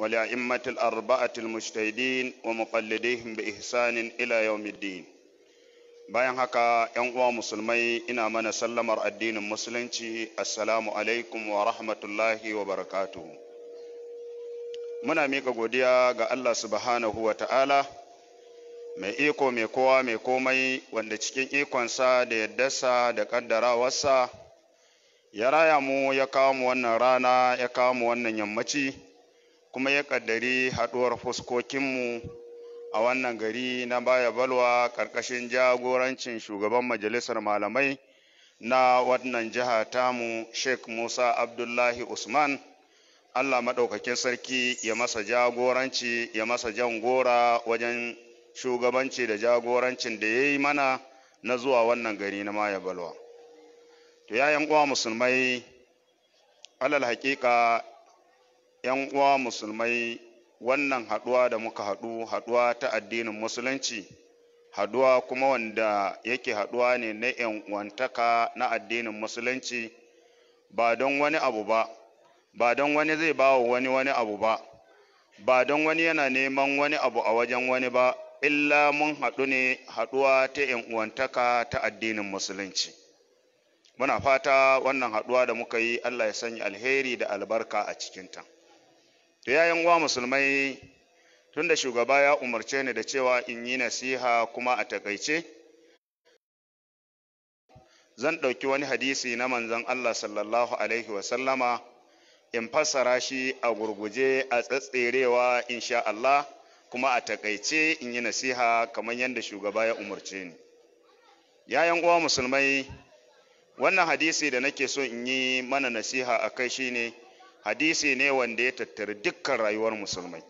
ولأئمة الأربعة المجتهدين ومقلديهم بإحسان إلى يوم الدين bayan haka ‘yan uwa musulmai ina mana sallamar addinin musulunci assalamu alaikum wa rahmatullahi wa barakatu muna mika godiya ga Allah subhanahu wa ta'ala mai iko mai kowa mai komai wanda cikin ikonsa da yaddasa da ƙaddarawarsa ya raya mu ya kawo mu wannan rana ya kawo mu wannan yammaci kuma ya kaddari haɗuwar fuskokinmu a wannan gari na baya balwa ƙarƙashin jagorancin shugaban majalisar malamai na wannan jiha tamu sheikh musa abdullahi usman allah maɗaukakin sarki ya masa jagoranci ya masa jan gora wajen shugabanci da jagorancin da ya yi mana na zuwa wannan gari na maya balwa to yayan uwa musulmai alal haƙiƙa 'yan uwa musulmai wannan haɗuwa da muka haɗu haɗuwa ta addinin musulunci haɗuwa kuma wanda yake haɗuwa ne na 'yan uwantaka na addinin musulunci ba don wani abu ba ba don wani zai ba wa wani wani abu ba ba don wani yana neman wani abu a wajen wani ba illa mun haɗu ne haɗuwa ta 'yan uwantaka ta addinin musulunci muna fata wannan haɗuwa da muka yi allah ya sanya alheri da albarka a cikin ta. To ya yan musulmai tun da shugaba ya umarce ni da cewa in yi nasiha kuma a takaice zan ɗauki wani hadisi na manzon Allah sallallahu alaihi wasallama in fassara shi a gurguje a tsatserewa insha Allah kuma a takaice in yi nasiha kamar yadda shugaba ya umarce ni. Yayan uwa musulmai wannan hadisi da nake so in yi mana nasiha a kai shi ne hadisi ne wanda ya tattari dukkan rayuwar musulmai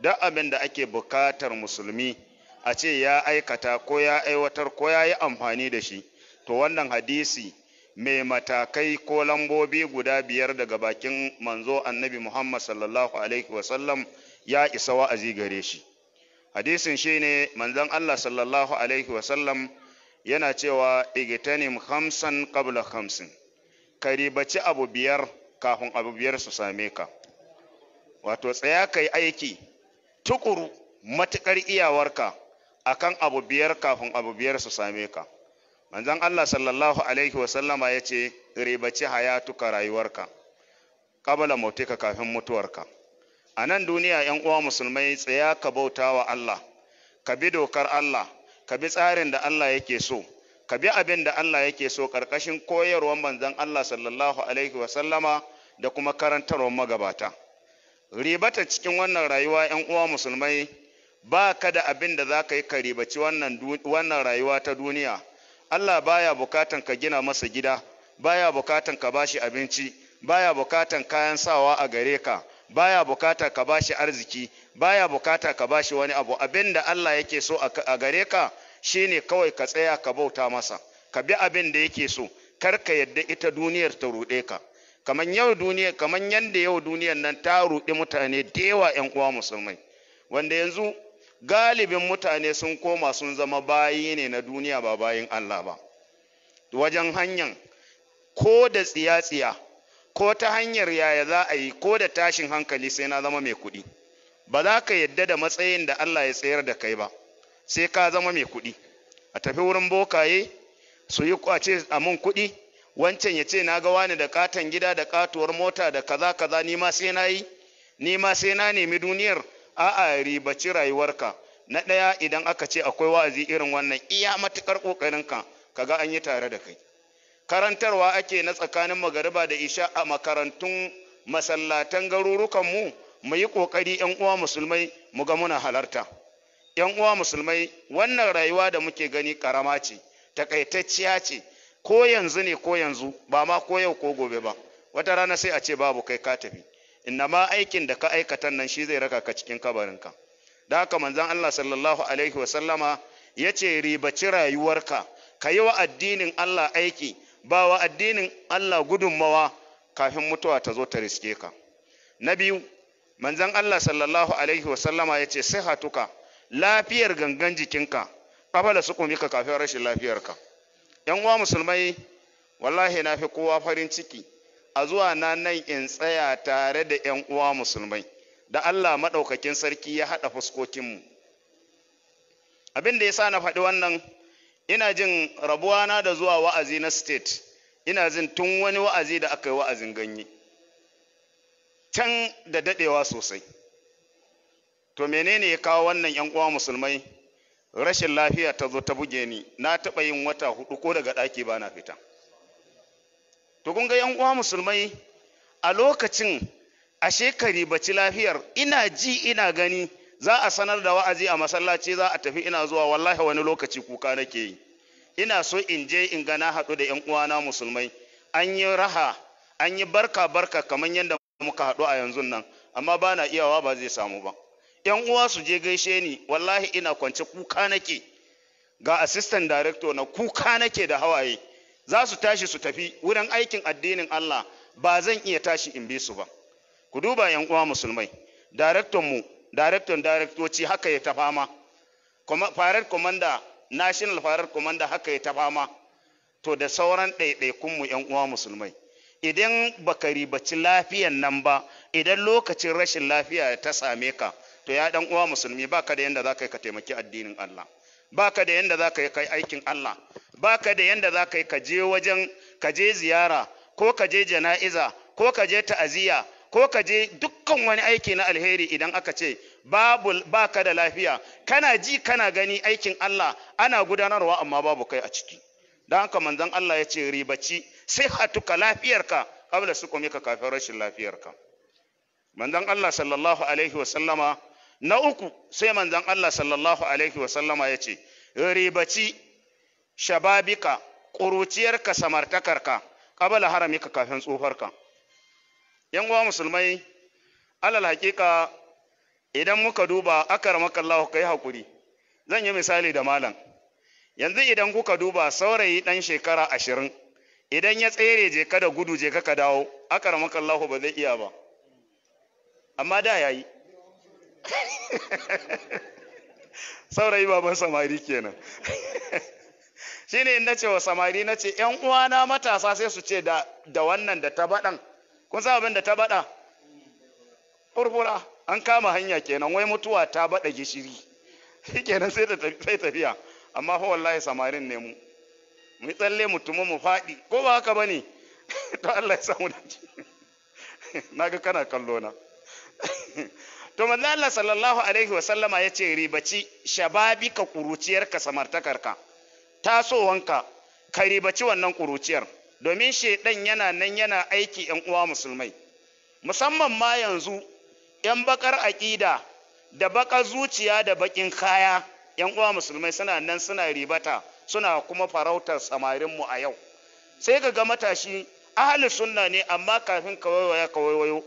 duk abin da ake bukatar musulmi a ce ya aikata ko ya aiwatar ko ya yi amfani da shi to wannan hadisi mai matakai ko lambobi guda biyar daga bakin manzo annabi muhammad sallallahu alaihi wasallam ya isa wa'azi gare shi hadisin shi ne manzon allah sallallahu alaihi wasallam yana cewa igitanim hamsan kabla hamsin ka ribaci abu biyar kafin abu biyar su same ka wato tsaya ka yi aiki tukuru matukar iyawarka akan abu biyar kafin abu biyar su same ka manzon Allah sallallahu alaihi wasallama ya ce ribaci hayatuka rayuwarka kabala motuka kafin mutuwarka a nan duniya yan uwa musulmai tsaya ka bauta wa Allah ka bi dokar Allah ka bi tsarin da Allah yake so ka bi abin da Allah yake so ƙarƙashin koyarwar manzan Allah sallallahu alaihi wasallama da kuma karantarwar magabata ribata cikin wannan rayuwa ‘yan uwa musulmai ba ka da abin da za ka yi ka ribaci wannan rayuwa ta duniya Allah baya bukatan ka gina masa gida baya bukatan ka bashi abinci baya bukatan kayan sawa a gare ka baya bukata ka bashi arziki baya bukata ka bashi wani abu abin da Allah yake so a gare ka shine kawai ka tsaya ka bauta masa ka bi abin da yake so kar ka yadda ita duniyar ta ruɗe ka kamar yau duniya kamar yanda yau duniyar nan ta ruɗe mutane da yawa ƴan uwa musulmai wanda yanzu galibin mutane sun koma sun zama bayi ne na duniya ba bayin Allah ba wajen hanyar ko da tsiya-tsiya ko ta hanyar yaya za a yi ko da tashin hankali sai na zama mai kuɗi ba za ka yadda da matsayin da Allah ya tsayar da kai ba sai ka zama mai kuɗi a tafi wurin bokaye su yi kwace a mun kuɗi wancan ya ce na ga wani da katon gida da katuwar mota da kaza kaza ni ma sai na yi ni ma sai na nemi duniyar a'a ribaci rayuwarka na ɗaya idan aka ce akwai wa'azi irin wannan iya matuƙar ƙoƙarinka kaga an yi tare da kai karantarwa ake na tsakanin magariba da isha a makarantun masallatan garurukanmu mu yi ƙoƙari 'yan uwa musulmai mu ga muna halarta ‘yan uwa musulmai wannan rayuwa da muke gani karama ce takaitacciya ce ko yanzu ne ko yanzu ba ma ko yau ko gobe ba wata rana sai a ce babu kai ka tafi inna ma aikin da ka aikatan nan shi zai raka ka cikin kabarinka da haka manzon Allah sallallahu alaihi wasallama ya ce ribaci rayuwarka ka yi wa addinin Allah aiki ba wa addinin Allah gudunmawa kafin mutuwa ta zo ta riske ka na biyu manzon Allah sallallahu alaihi wasallama ya ce sihatuka lafiyar gangan jikinka kafala su kuma kafin rashin lafiyarka yan uwa musulmai wallahi na fi kowa farin ciki a zuwa na nan in tsaya tare da yan uwa musulmai da Allah maɗaukakin sarki ya haɗa fuskokinmu abin da ya sa na faɗi wannan ina jin rabuwana da zuwa wa'azi na state ina jin tun wani wa'azi da aka yi wa'azin ganye can da daɗewa sosai to menene ya kawo wannan yan uwa musulmai rashin lafiya ta zo ta buge ni na taɓa yin wata hudu ko daga daki ba na fita to kun ga yan uwa musulmai a lokacin a ka ribaci lafiyar ina ji ina gani za a sanar da wa'azi a masallaci za a tafi ina zuwa wallahi wani lokaci kuka nake yi ina so in je in ga na haɗu da yan uwana musulmai an yi raha an yi barka barka kamar yadda muka haɗu a yanzu nan amma ba na iyawa ba zai samu ba yan uwa su je gaishe ni wallahi ina kwance kuka nake ga assistant director na kuka nake da hawaye za su tashi su tafi wurin aikin addinin Allah ba zan iya tashi in bi su ba ku duba yan uwa musulmai director mu director directoci haka ya tafa ma. farar commander national farar commander haka ya tafa ma. to da sauran ɗaiɗaikun mu yan uwa musulmai idan baka ribaci lafiyan nan ba idan lokacin rashin lafiya ta same ka to ya dan uwa musulmi baka da yanda zaka yi ka taimaki addinin Allah baka da yanda zaka yi kai aikin Allah baka da yanda zaka yi ka je wajen ka je ziyara ko ka je jana'iza ko ka je ta'aziyya ko ka je dukkan wani aiki na alheri idan aka ce babu baka da lafiya kana ji kana gani aikin Allah ana gudanarwa amma babu kai a ciki Dan haka manzon Allah ya ce ribaci sai hatuka lafiyarka qabla ka kafin rashin lafiyarka manzon Allah sallallahu alaihi wa sallama na uku sai manzon Allah sallallahu alaihi wasallama ya ce ribaci shababika ƙuruciyarka samartakarka ƙabala haramika kafin tsofarka yan uwa musulmai alal haƙiƙa, idan muka duba ka kai hakuri zan yi misali da malam yanzu idan kuka duba saurayi ɗan shekara ashirin idan ya tsere je ka da gudu je ka dawo Allah ba zai iya ba amma da ya yi. saurayi baban samari kenan shine in nace wa samari nace yan uwana matasa sai su ce da wannan da ta badan kun san abin da ta bada furfura an kama hanya kenan wai mutuwa ta baɗa gishiri kenan sai ta sai tafiya amma fa wallahi samarin ne mu mu tsalle mutumu mu faɗi ko ba haka bane to Allah ya samu naga kana kallo na to manzo sallallahu alaihi wa sallama yace ribaci shababika kuruciyarka samartakarka tasowanka ka ribaci wannan kuruciyar domin shedan yana nan yana aiki yan uwa musulmai musamman ma yanzu yan bakar aƙida da bakar zuciya da bakin kaya yan uwa musulmai suna nan suna ribata suna kuma farautar samarin mu a yau sai ka ga matashi ahli sunna ne amma kafin ka waiwaya ka waiwayo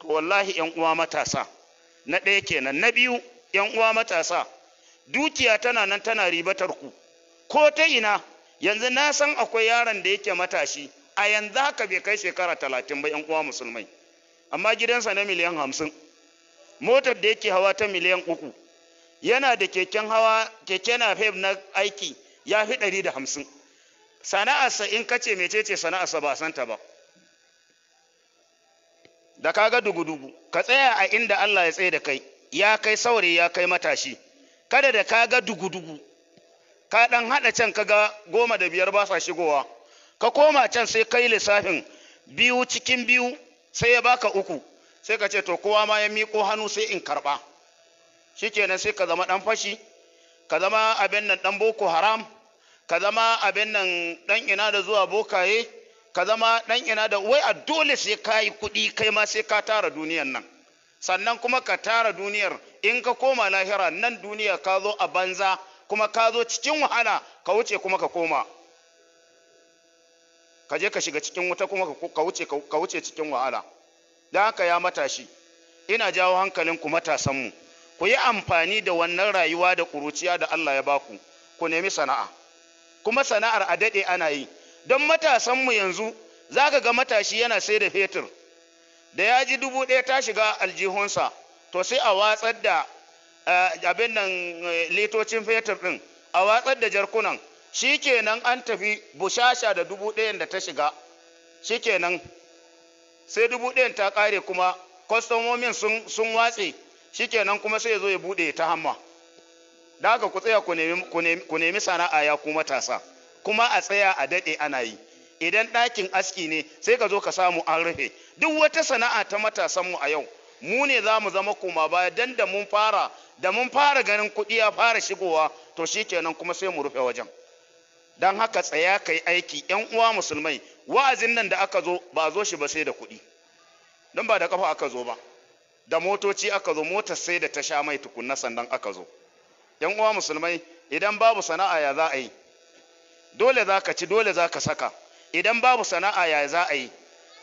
to wallahi ‘yan uwa matasa, na ɗaya kenan, na biyu ‘yan uwa matasa, dukiya tana nan tana ribatar ku, ko ta ina, yanzu na san akwai yaron da yake matashi, a yanzu haka bai kai shekara talatin ba ‘yan uwa musulmai, amma gidansa na miliyan hamsin, motar da yake hawa ta miliyan uku, yana da keken hawa, keke na na aiki ya fi ɗari da hamsin. sana'arsa in kace mecece sana'arsa ba santa ba da kaga dugu-dugu ka tsaya a inda Allah ya tsaye da kai ya kai saurayi ya kai matashi kada da ka ga dugudugu ka ɗan haɗa can ka ga goma da biyar ba sa shigowa ka koma can sai kai lissafin biyu cikin biyu sai ya baka uku sai ka ce to kowa ma ya miƙo hannu sai in karba shikenan sai ka zama ɗan fashi ka zama abin nan dan boko haram ka zama abin nan ɗan ina da zuwa bokaye ka zama ɗan ina da wai a dole sai ka yi kuɗi kai ma sai ka tara duniyar nan sannan kuma ka tara duniyar in ka koma lahira nan duniya ka zo a banza kuma ka zo cikin wahala ka wuce kuma ka koma ka je ka shiga cikin wuta kuma ka wuce cikin wahala dan haka ya matashi ina jawo hankalinku matasanmu ku yi amfani da wannan rayuwa da ƙuruciya da Allah ya baku ku nemi sana'a kuma sana'ar a dade ana yi don matasanmu yanzu za ka ga matashi yana sai da fetur da ya ji dubu ɗaya ta shiga aljihunsa to sai a watsar da eh, abin nan eh, litocin fetur ɗin a watsar da jarkunan shi kenan an tafi bushasha da dubu ɗayan da ta shiga shi kenan sai dubu ɗayan ta ƙare kuma kwastomomin sun watse shi kenan kuma sai ya zo ya buɗe ta hamma da haka ku tsaya ku nemi sana'a ya ku matasa kuma a tsaya a daɗe ana yi idan ɗakin aski ne sai ka zo ka samu an rufe duk wata sana'a ta matasanmu a yau mu ne za mu zama koma baya dan da mun fara da mun fara ganin kuɗi ya fara shigowa to shikenan kuma sai mu rufe wajen dan haka tsaya kai aiki yan uwa musulmai wa'azin nan da aka zo ba zo shi ba sai da kuɗi don ba da kafa aka zo ba da motoci aka zo motar sai da ta sha mai tukunna sannan aka zo yan uwa musulmai idan babu sana'a ya za a yi dole za ka ci dole za ka saka idan babu sana'a ya za a yi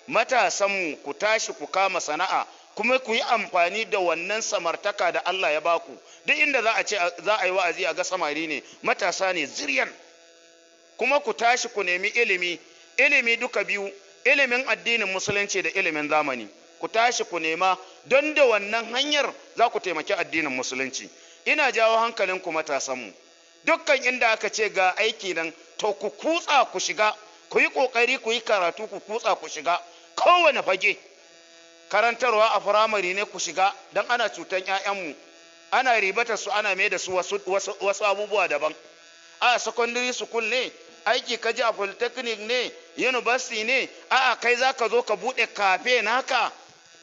matasanmu ku tashi ku kama sana'a kuma ku yi amfani da wannan samartaka da Allah ya baku duk inda za a ce za a yi wa'azi a ga samari ne matasa ne ziryan kuma ku tashi ku nemi ilimi ilimi duka biyu ilimin addinin musulunci da ilimin zamani ku tashi ku nema don da wannan hanyar za ku taimaki addinin musulunci ina jawo hankalinku matasanmu dukkan inda aka ce ga aiki nan to ku kutsa ku shiga ku yi ƙoƙari ku yi karatu ku kutsa ku shiga kowane fage karantarwa a firamare ne ku shiga don ana cutan 'ya'yanmu ana ribata su ana mai da su wasu abubuwa daban a secondary school ne aiki kaji a polytechnic ne university ne a'a kai za ka zo ka buɗe kafe naka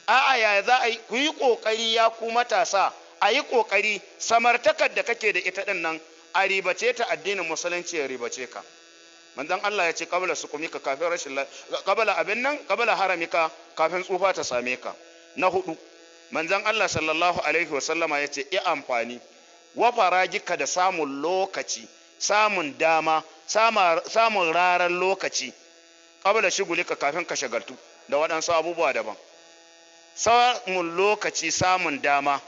a'a yaya za a yi ku yi ƙoƙari ya ku matasa a yi ƙoƙari samartakar da kake da ita ɗin nan a ribace ta addinin musulunci ya ribace ka manzon Allah ya ce kabala su kumika kafin rashin kabala abin nan kabala haramika kafin tsufa ta same ka na hudu manzon Allah sallallahu alaihi wasallama ya ce yi amfani wa gika da samun lokaci samun dama samun rarar lokaci kabala shigulika kafin ka shagaltu da waɗansu abubuwa daban samun lokaci samun dama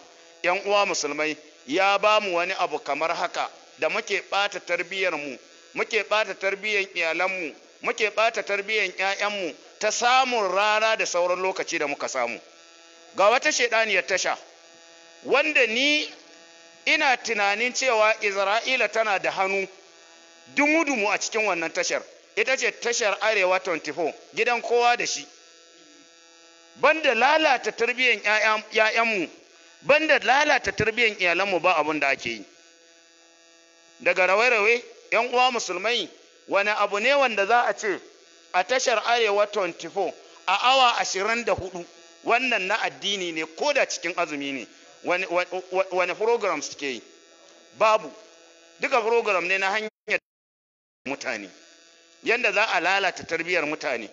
yan uwa musulmai ya ba mu wani abu kamar haka da muke ɓata tarbiyar mu muke ɓata tarbiyyar iyalanmu muke ɓata tarbiyyar ƴaƴanmu ta samun rara da sauran lokaci da muka samu ga wata shaidaniyar tasha wanda ni ina tunanin cewa Isra'ila tana da hannu dumudumu a cikin wannan tashar ita ce tashar arewa 24 gidan kowa da shi banda lalata tarbiyyar mu, banda lalata tarbiyyar iyalanmu ba abin da ake yi daga rawe-rawe yan uwa musulmai wani abu ne wanda za a ce a tashar arewa 24 a awa 24 wannan na addini ne ko da cikin azumi ne wani program suke yi babu duka program ne na hanyar mutane yadda za a lalata tarbiyyar mutane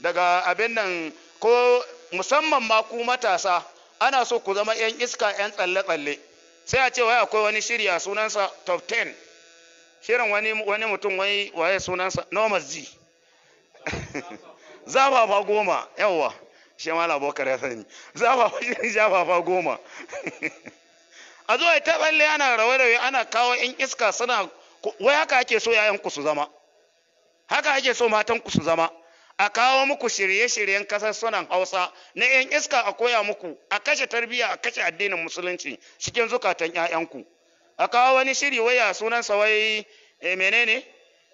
daga abin nan ko musamman ma ku matasa ana so ku zama 'yan iska 'yan tsalle-tsalle sai a ce wai akwai wani shirya sunansa top 10 shirin wani wani mutum wai waye sunansa normal z ba goma yawwa shi ma labokar ya sani zafafa shirin zafafa goma a zo ya tsalle ana rawaye ana kawo yan iska suna wai haka ake so yayan ku su zama haka ake so matan ku su zama a kawo muku shirye-shiryen kasar sunan hausa na 'yan iska a koya muku a kashe tarbiyya a kashe addinin musulunci cikin zukatan 'ya'yanku a kawo wani shiri waya sunan wai e, menene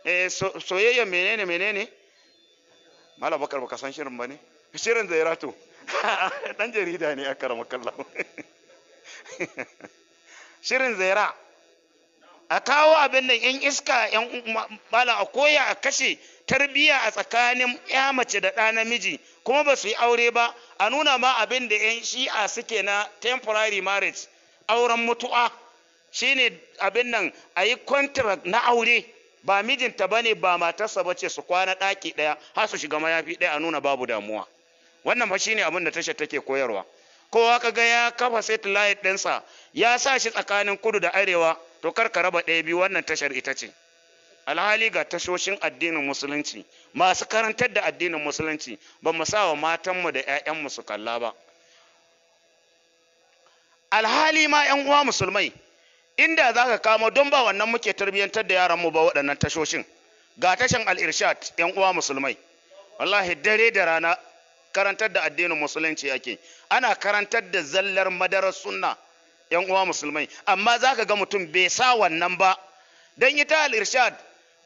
e, so, soyayya menene menene mala bakar baka san shirin ba ne shirin zairato dan jarida ne a karama kallon shirin zaira a kawo abin nan yan iska yan bala a koya a kashe tarbiya a tsakanin ya mace da ɗa namiji kuma ba su yi aure ba a nuna ma abin da yan shi'a suke na temporary marriage auren mutu'a shine abin nan a yi contract na aure ba mijinta ba ne ba matarsa ba ce su kwana ɗaki ɗaya har su shiga mayafi ɗaya a nuna babu damuwa wannan fa shine abin da tashar take koyarwa kowa kaga ya kafa satellite ɗinsa ya sa shi tsakanin kudu da arewa to kar ka raba ɗaya biyu wannan tashar ita ce alhali ga tashoshin addinin musulunci masu karantar da addinin musulunci ba mu sa wa matanmu da 'ya'yanmu su kalla ba alhali ma 'yan uwa musulmai inda za ka kama don ba wannan muke tarbiyyantar da yaranmu ba waɗannan tashoshin ga tashan al-irshad 'yan uwa musulmai wallahi dare da rana karantar da addinin musulunci ake ana karantar da zallar madarar sunna yan uwa musulmai amma zaka ga mutum bai sa wannan ba dan ita al-irshad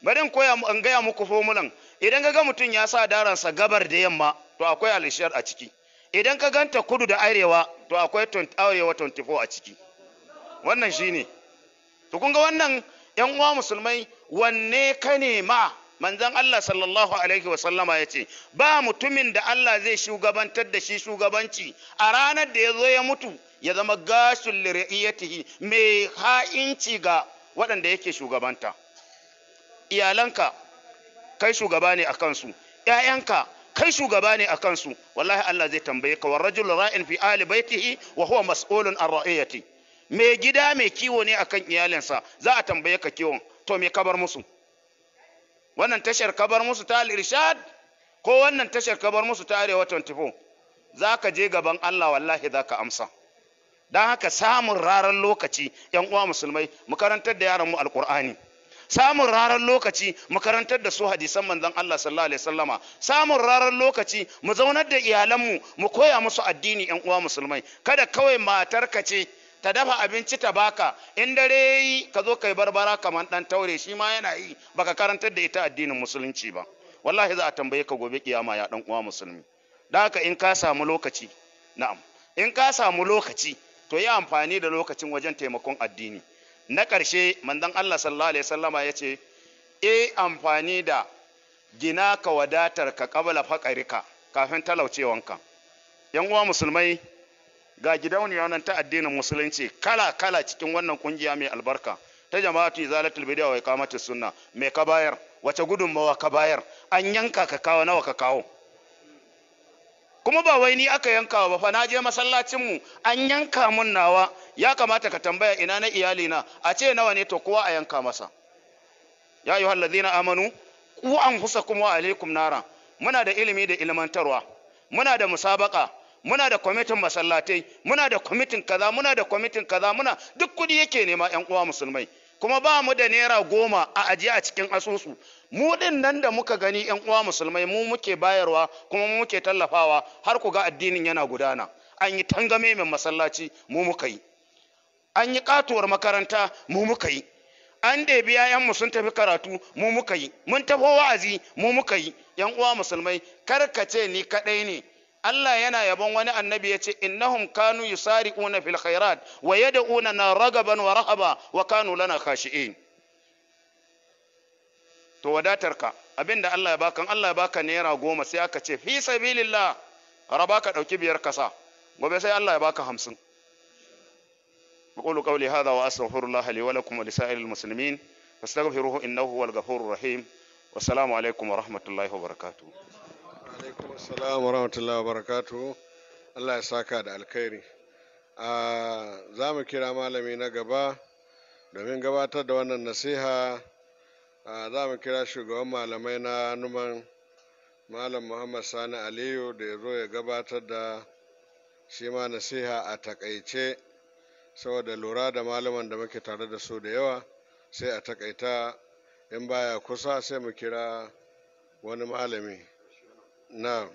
bari in koya in gaya muku formulan idan ka ga mutum ya sa daransa gabar da yamma to akwai al-irshad a ciki idan ka ganta kudu da arewa to akwai arewa 24 a ciki wannan shine to kun ga wannan yan uwa musulmai wanne ka nema manzon Allah sallallahu alaihi wa ya ce ba mutumin da Allah zai shugabantar da shi shugabanci a ranar da ya zo ya mutu ya zama gashin liriyatihi mai ha'inci ga waɗanda yake shugabanta iyalanka kai shugaba ne a kansu ‘ya'yanka kai shugaba ne a kansu wallahi Allah zai tambaye ka warrajul ra'in fi ali baitihi wa huwa mas'ulun an ra'iyati mai gida mai kiwo ne akan iyalinsa za a tambaye ka kiwon to me kabar musu wannan tashar kabar musu ta al-irshad ko wannan tashar kabar musu ta arewa 24 za je gaban Allah wallahi zaka amsa Dan haka samun raran lokaci yan uwa musulmai mu karantar da yaran mu alqur'ani samun raran lokaci mu karantar da su hadisan manzon Allah sallallahu alaihi wasallama samun raran lokaci mu zaunar da iyalan mu mu koya musu addini yan uwa musulmai kada kawai matar ka ce ta dafa abinci ta baka in dare yi ka zo yi barbara kamar dan taure shi ma yana yi baka karantar da ita addinin musulunci ba wallahi za a tambaye ka gobe kiyama ya dan uwa musulmi da haka in ka samu lokaci na'am in ka samu lokaci to yi amfani da lokacin wajen taimakon addini na ƙarshe manzon Allah sallallahu alaihi wasallama ya ce e amfani da gina ka wadatar ka kabala faƙarika kafin talaucewanka yan uwa musulmai ga gidauniya nan ta addinin musulunci kala kala cikin wannan kungiya mai albarka ta jama'atu izalatul Bidiya wa iqamatus sunna me ka bayar wace gudunmawa ka bayar an yanka ka kawo nawa ka kawo kuma ba wai ni aka yanka ba fa na je masallacin mu an yanka mun nawa ya kamata ka tambaya ina na iyali na a ce nawa ne to kowa a yanka masa ya ayyuhal zina amanu ku kuma wa alaikum nara muna da ilimi da ilmantarwa muna da musabaka muna da kwamitin masallatai muna da kwamitin kaza muna da kwamitin kaza muna duk kuɗi yake nema yan uwa musulmai kuma ba mu da naira goma a ajiye a cikin asusu mu din nan da muka gani yan uwa musulmai mu muke bayarwa kuma mu muke tallafawa har ku ga addinin yana gudana an yi tangame mai masallaci mu muka yi an yi katuwar makaranta mu muka yi an ɗebi mu sun tafi karatu mu muka yi mun tafi wa'azi mu muka yi yan uwa musulmai kar ka ce ni kaɗai ne Allah yana yabon wani annabi ya ce innahum kanu yusari'una fil khairat wa yad'una na ragaban wa rahaba wa kanu lana khashi'in to wadatarka abinda Allah ya baka Allah ya baka naira goma sai aka ce fi sabilillah raba ka dauki biyar kasa gobe sai Allah ya baka hamsin بقول قولي هذا وأستغفر الله لي ولكم ولسائر المسلمين فاستغفروه إنه هو الغفور الرحيم والسلام عليكم ورحمة الله وبركاته alaikum assalam wa rahmatullahi wa barakatu. allah ya saka da alkhairi za mu kira malami na gaba domin gabatar da wannan nasiha za mu kira shugaban malamai na numan malam muhammad sani aliyu da ya zo ya gabatar da shi ma nasiha a takaice saboda lura da malaman da muke tare da su da yawa sai a takaita in baya kusa sai mu kira wani malami نعم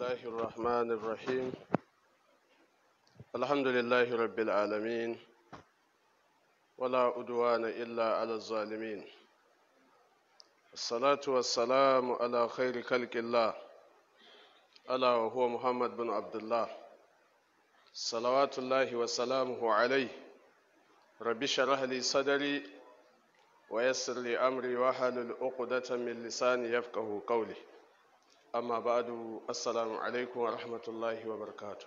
الله الرحمن الرحيم الحمد لله رب العالمين ولا عدوان إلا على الظالمين الصلاة والسلام على خير خلق الله ألا وهو محمد بن عبد الله صلوات الله وسلامه عليه رب اشرح لي صدري ويسر لي أمري واحلل عقدة من لساني يفقه قولي أما بعد السلام عليكم ورحمة الله وبركاته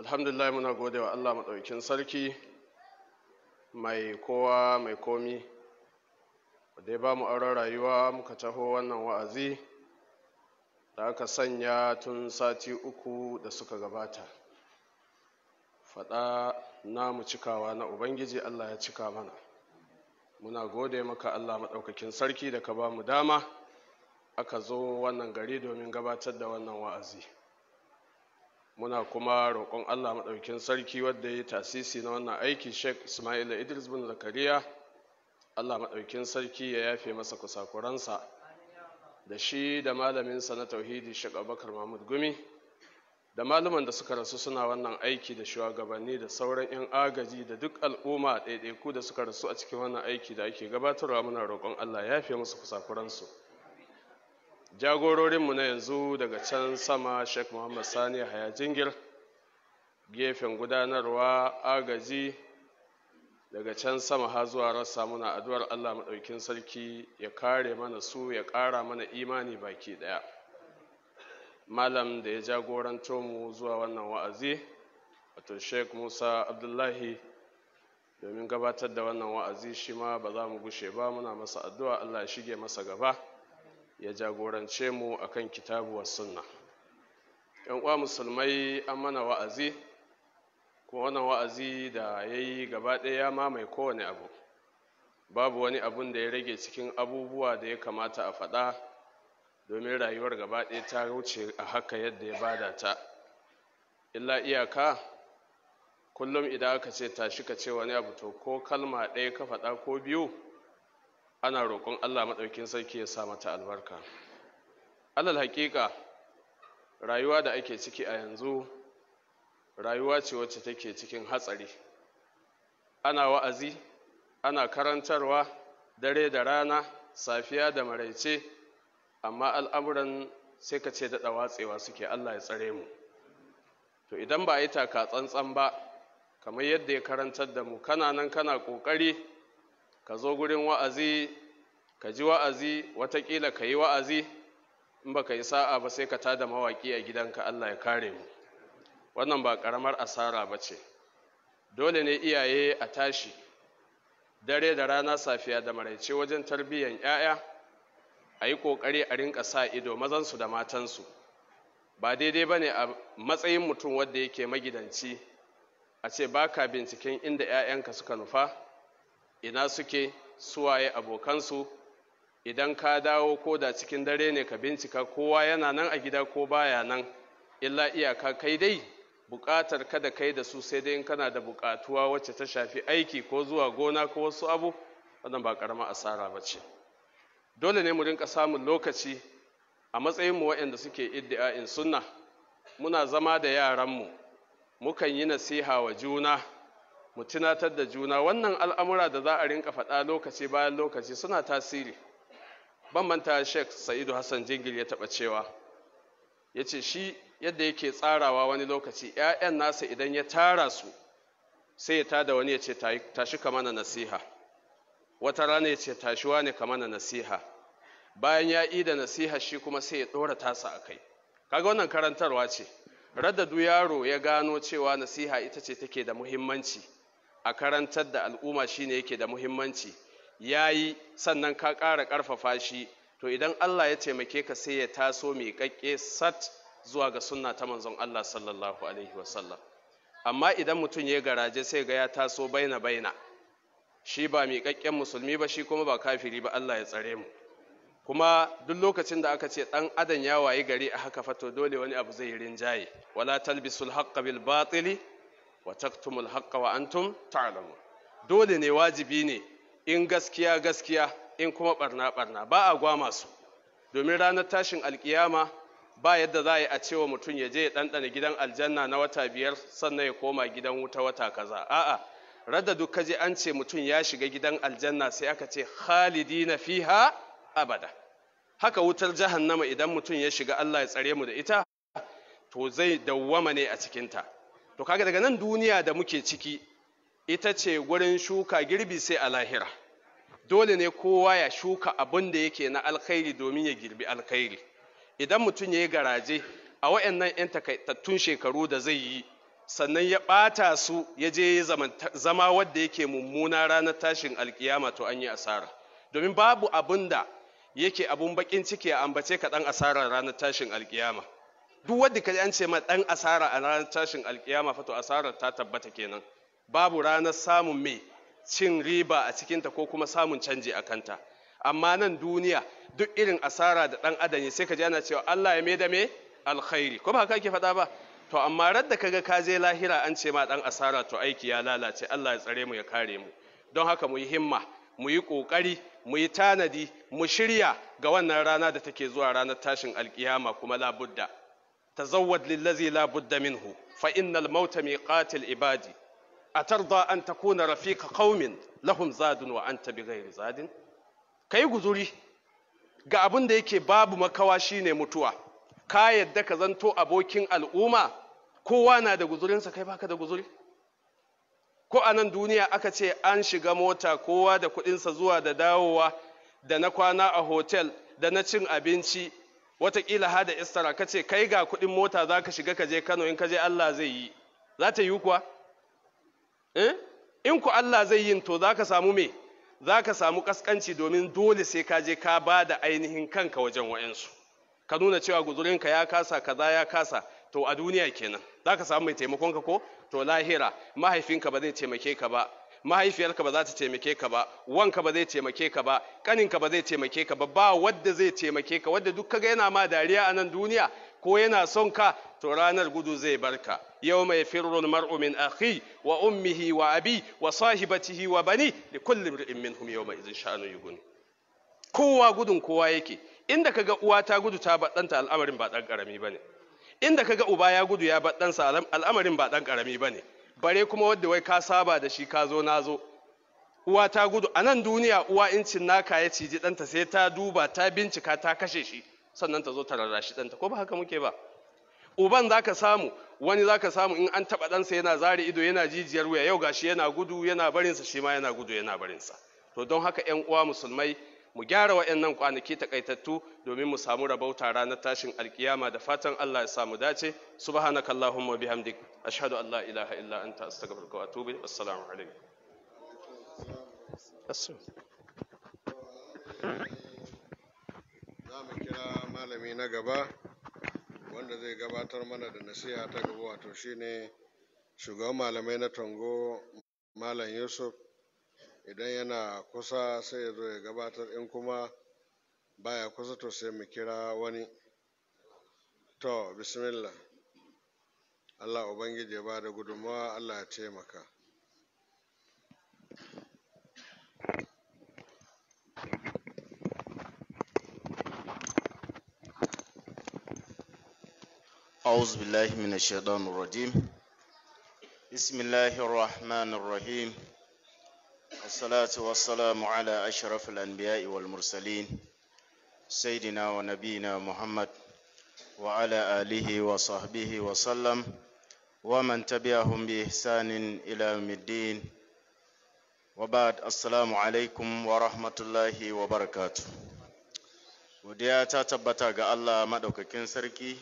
alhamdulillah muna gode wa allah maɗaukin sarki mai kowa mai komi da ya ba mu auren rayuwa muka taho wannan wa'azi da aka sanya tun sati uku da suka gabata faɗa namu cikawa na ubangiji allah ya cika mana muna gode maka allah maɗaukakin sarki da ka ba mu dama aka zo wannan gari domin gabatar da wannan wa'azi muna kuma roƙon Allah maɗaukin sarki wadda ya yi tasisi na wannan aiki Sheikh Ismail Idris bin Zakariya Allah maɗaukin sarki ya yafe masa kusakuransa da shi da malaminsa na tauhidi Sheikh Abubakar Mahmud Gumi da malaman da suka rasu suna wannan aiki da shugabanni da sauran 'yan agaji da duk al'umma ɗaiɗaiku da suka rasu a cikin wannan aiki da ake gabatarwa muna roƙon Allah ya yafe musu kusakuransu. jagororinmu na yanzu daga can sama sheikh muhammad sani haya jingir gefen gudanarwa agaji daga can sama ha zuwa rasa muna addu'ar allah maɗaukin sarki ya kare mana su ya ƙara mana imani baki ɗaya malam da ya jagoranto mu zuwa wannan wa'azi wato sheikh musa abdullahi domin gabatar da wannan wa'azi shi ma ba za mu gushe ba muna masa addu'a allah ya shige masa gaba ya jagorance mu akan kitabu wa sunna yan uwa musulmai an mana wa'azi kuma wannan wa'azi da ya yi gaba ɗaya ya mamaye kowane abu babu wani abun da ya rage cikin abubuwa da ya kamata a faɗa domin rayuwar gaba ɗaya ta wuce a haka yadda ya bada ta illa iyaka kullum idan aka ce tashi ka ce wani abu to ko kalma ɗaya ka faɗa ko biyu ana roƙon Allah maɗaukin sarki ya sa mata albarka alal haƙiƙa rayuwa da ake ciki a yanzu rayuwa ce wacce take cikin hatsari ana wa'azi ana karantarwa dare da rana safiya da maraice amma al'amuran sai ka ce daɗa watsewa suke Allah ya tsare mu to idan ba a yi taka tsantsan ba kamar yadda ya karantar da mu kana nan kana ƙoƙari ka zo gurin wa'azi ka ji wa'azi watakila ka yi wa'azi in ba ka yi sa'a ba sai ka tada mawaƙi a gidanka allah ya kare mu wannan ba ƙaramar asara ba ce dole ne iyaye a tashi dare da rana safiya da maraice wajen tarbiyyar 'ya'ya a yi ƙoƙari a rinka sa ido mazansu da matansu ba daidai ba ne a matsayin mutum wadda yake magidanci a ce ba ka binciken inda 'ya'yanka suka nufa ina suke suwaye abokansu idan ka dawo ko da cikin dare ne ka bincika kowa yana nan a gida ko baya nan illa iyaka kai dai buƙatar kada kai da su sai dai in kana da buƙatuwa wacce ta shafi aiki ko zuwa gona ko wasu abu wannan ba karama asara ba ce dole ne mu rinka samun lokaci a matsayin mu waɗanda suke iddi'a'in sunna muna zama da yaranmu mukan yi nasiha wa juna mu tunatar da juna wannan al'amura da za a rinka faɗa lokaci bayan lokaci suna tasiri ban manta sheikh sa'idu hassan jingil ya taɓa cewa ya ce shi yadda yake tsarawa wani lokaci 'ya'yan nasa idan ya tara su sai ya tada wani ya ce tashi kama na nasiha wata rana ya ce tashiwa ne kama na nasiha bayan ya yi da nasiha shi kuma sai ya ɗora tasa a kai kaga wannan karantarwa ce Raddadu yaro ya gano cewa nasiha ita ce take da muhimmanci a karantar da al'umma shine yake da muhimmanci ya yi sannan ka ƙara ƙarfafa shi to idan Allah ya taimake ka sai ya taso miƙaƙƙe sat zuwa ga sunna ta manzon Allah sallallahu alaihi wasallam amma idan mutum ya garaje sai ga ya taso baina baina shi ba miƙaƙƙen musulmi ba shi kuma ba kafiri ba Allah ya tsare mu kuma duk lokacin da aka ce ɗan adam ya wayi gari a haka fa, to dole wani abu zai rinjaye wala talbisul haqqa bil batili wa taktumul haqqa wa antum ta'lamun dole ne wajibi ne in gaskiya gaskiya in kuma barna barna ba a gwama su domin ranar tashin alkiyama ba yadda za a ce wa mutum ya je ya ɗanɗana gidan aljanna na wata biyar sannan ya koma gidan wuta wata kaza a'a radda duk kaje an ce mutum ya shiga gidan aljanna sai aka ce khalidina fiha abada haka wutar jahannama idan mutum ya shiga Allah ya tsare mu da ita to zai dawwama ne a cikinta to kaga daga nan duniya da muke ciki ita ce gurin shuka girbi sai a lahira dole ne kowa ya shuka abin da yake na alkhairi domin ya girbi alkhairi idan mutum ya yi garaje a wayannan 'yan takaitattun shekaru da zai yi sannan ya ɓata su ya je zama wadda yake mummuna ranar tashin alkiyama to an yi asara domin babu abin da yake abun bakin ciki a ambace ka dan asara ranar tashin alkiyama duk wanda ka an ce ma dan asara a ranar tashin alkiyama fato asarar ta tabbata kenan babu ranar samun mai cin riba a cikinta ko kuma samun canji a kanta amma nan duniya duk irin asara da ɗan adam sai ka ji ana cewa Allah ya mai da me alkhairi ko ba haka ake faɗa ba to amma radda kaga ka je lahira an ce ma dan asara to aiki ya lalace Allah ya tsare mu ya kare mu don haka mu yi himma mu yi ƙoƙari mu yi tanadi mu shirya ga wannan rana da take zuwa ranar tashin alkiyama kuma labudda Ta lillazi la budda minhu fa innal mai miqatil ibadi atarda an takuna rafika qaumin lahum zadun wa anta bighairi zadin kai guzuri ga abin da yake babu makawa shine mutuwa ka yadda ka zanto abokin al'umma kowa na da guzurinsa kai baka da guzuri ko a nan duniya aka ce an shiga mota kowa da kuɗinsa zuwa da dawowa da na kwana a hotel da na cin abinci watakila hada istara ka ce kai ga kuɗin mota za ka shiga ka je kano in ka je allah zai yi za ta yi kuwa eh? in ku allah zai yin to za ka samu me za ka samu kaskanci domin dole sai ka je ka ba da ainihin kanka wajen wa'insu ka nuna cewa guzurinka ya kasa kaza ya kasa to a duniya kenan za ka samu mai taimakon ka ko to lahira mahaifinka ba zai taimake ka ba mahaifiyarka ba za ta taimake ka ba wanka ba zai taimake ka ba kaninka ba zai taimake ka ba ba wadda zai taimake ka wadda duk kaga yana ma dariya a nan duniya ko yana son ka to ranar gudu zai barka yau mai firrun mar'u min akhi wa ummihi wa abi wa sahibatihi wa bani li kulli imrin minhum yawma idhin sha'anu yughni kowa gudun kowa yake inda kaga uwa ta gudu ta baɗanta al'amarin ba ɗan ƙarami ba inda kaga uba ya gudu ya baɗansa al'amarin ba ɗan ƙarami ba bare kuma wadda wai ka saba da shi ka zo na zo uwa ta gudu a nan duniya uwa incin naka ya ciji ɗanta sai ta duba ta bincika ta kashe shi sannan ta zo ta rarrashi ɗanta ko ba haka muke ba uban zaka samu wani zaka samu in an taɓa ɗansa yana zari ido yana jijiyar wuya yau gashi yana gudu yana barinsa shi ma yana gudu yana barinsa to don haka 'yan uwa musulmai mu gyara waɗannan kwanaki takaitattu domin mu samu rabauta ranar tashin alkiyama da fatan Allah ya samu dace subhanakallahumma bihamdik ashhadu an la ilaha illa anta astaghfiruka wa atubu assalamu alaikum kira malami na gaba wanda zai gabatar mana da nasiha ta gaba wato shine shugaban malamai na Tongo, malam yusuf idan yana kusa sai ya zo ya gabatar in kuma baya kusa to sai mu kira wani to bismillah allah ubangiji ya ba da gudunmawa allah ya taimaka أعوذ بالله من الشيطان الرجيم بسم الله الرحمن الرحيم Assalatu wassalamu ala ashrafil anbiya'i wal mursalin saidina wa Nabina Muhammad wa ala alihi wa sahbihi wa sallam wa man tabi'ahum bi ihsanin ila yawmiddin wa ba'd assalamu wa rahmatullahi wa barakatuh godiya ta tabbata ga Allah madaukakin sarki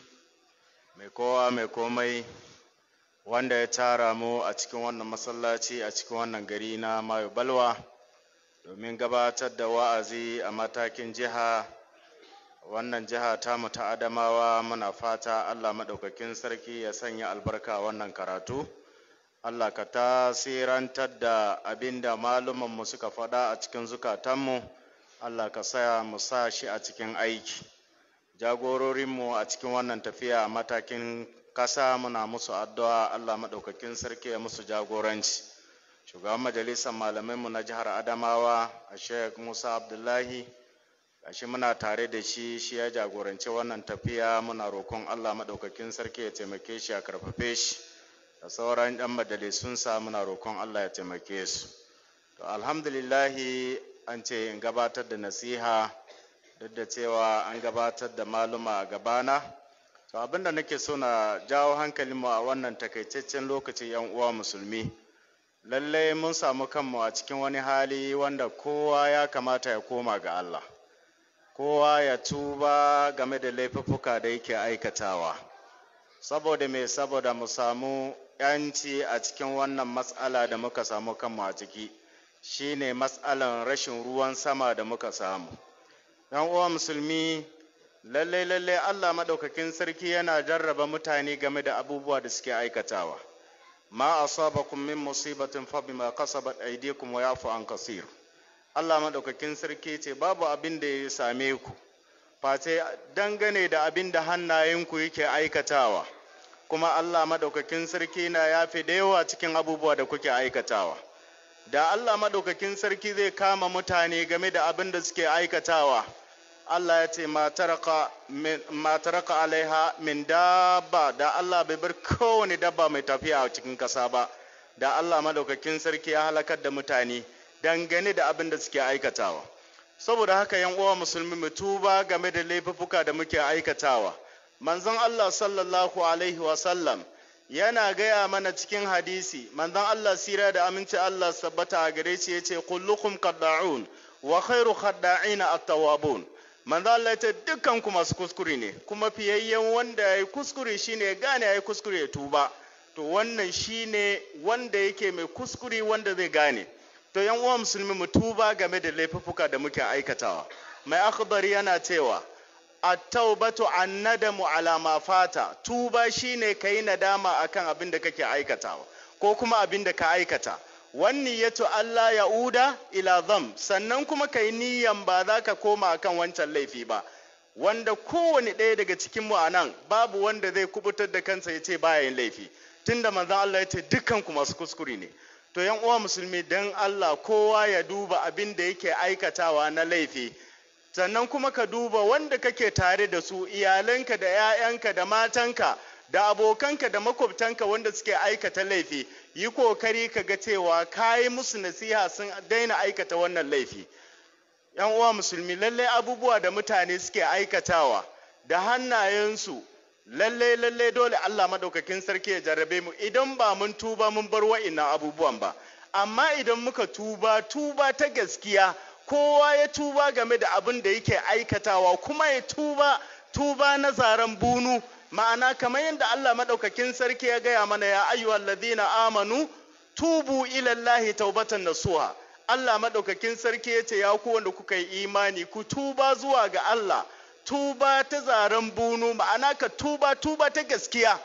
mai kowa mai komai wanda ya tara mu a cikin wannan masallaci a cikin wannan gari na mayo balwa domin gabatar da wa'azi a matakin jiha wannan jiha ta mu ta adamawa muna fata allah maɗaukakin sarki ya sanya albarka wannan karatu allah ka tasirantar da abin da malumanmu suka faɗa a cikin zukatanmu allah ka saya mu sa shi a cikin aiki jagororinmu a cikin wannan tafiya a matakin kasa muna musu addu'a Allah maɗaukakin sarki ya musu jagoranci shugaban majalisar mu na jihar adamawa a sheik musa abdullahi gashi muna tare da shi shi ya jagoranci wannan tafiya muna roƙon Allah maɗaukakin sarki ya taimake shi ya karfafe shi da sauran ɗan majalisunsa muna roƙon Allah ya taimake su to alhamdulillahi an ce in gabatar da nasiha duk da cewa an gabatar da maluma a gabana to abinda nake so na jawo hankalinmu a wannan takaitaccen lokacin yan uwa musulmi lallai mun samu kanmu a cikin wani hali wanda kowa ya kamata ya koma ga Allah kowa ya tuba game da laifuffuka da yake aikatawa saboda mai saboda mu samu yanci a cikin wannan matsala da muka samu kanmu a ciki shine matsalan rashin ruwan sama da muka samu yan uwa musulmi lallai lallai Allah maɗaukakin sarki yana jarraba mutane game da abubuwa da suke aikatawa ma asabakum min musibatin fa bima kasabat aydikum wa yafu an kasir Allah maɗaukakin sarki ce babu abin da ya same ku face dangane da abin da hannayenku yake aikatawa kuma Allah maɗaukakin sarki na yafi da yawa cikin abubuwa da kuke aikatawa da Allah maɗaukakin sarki zai kama mutane game da abin da suke aikatawa Allah ya ce mataraka alaiha min dabba da Allah bai bar kowane dabba mai tafiya a cikin kasa ba da Allah madaukakin sarki ya halakar da mutane dangane da abin da suke aikatawa saboda haka yan uwa musulmi mu tuba game da laifuka da muke aikatawa manzon Allah sallallahu alaihi wa sallam yana gaya mana cikin hadisi manzon Allah sira da aminci Allah sabbata a gare shi yace kullukum qadda'un wa khairu khadda'ina at-tawwabun manzo Allah ce dukkan ku masu kuskure ne kuma fiyayyen wanda yayi kuskure shine ya gane yayi kuskure ya tuba to wannan shine wanda yake mai kuskure wanda zai gane to yan uwa musulmi mu tuba game da laifuffuka da muke aikatawa mai akhdari yana cewa at-taubatu an-nadamu ala ma fata tuba shine kai nadama akan abin da kake aikatawa ko kuma abin da ka aikata ya yato Allah ya uda ila zam sannan kuma ka yi niyyan ba za ka koma akan wancan laifi ba wanda kowane ɗaya daga cikin mu nan babu wanda zai kubutar da kansa ya ce baya yin laifi tunda manzan Allah ya ce dukkan ku masu kuskure ne to yan uwa musulmi dan Allah kowa ya duba abin da yake aikatawa na laifi sannan kuma ka duba wanda kake tare da su iyalanka da 'ya'yanka da matanka da abokanka da makwabtanka wanda suke aikata laifi yi kokari ka ga cewa ka yi musu nasiha sun daina aikata wannan laifi yan uwa musulmi lallai abubuwa da mutane suke aikatawa da hannayensu lallai lallai dole Allah madaukakin sarki ya jarrabe mu idan ba mun tuba mun bar wa'ina abubuwan ba amma idan muka tuba tuba ta gaskiya kowa ya tuba game da abin da yake aikatawa kuma ya tuba tuba na zaren bunu ma'ana kamar yadda Allah madaukakin sarki ya gaya mana ya ayyuhal ladina amanu tubu ila Allah taubatan nasuha Allah madaukakin sarki ya ce ya ku wanda kuka yi imani ku tuba zuwa ga Allah tuba ta zaren bunu ma'ana ka tuba tuba ta gaskiya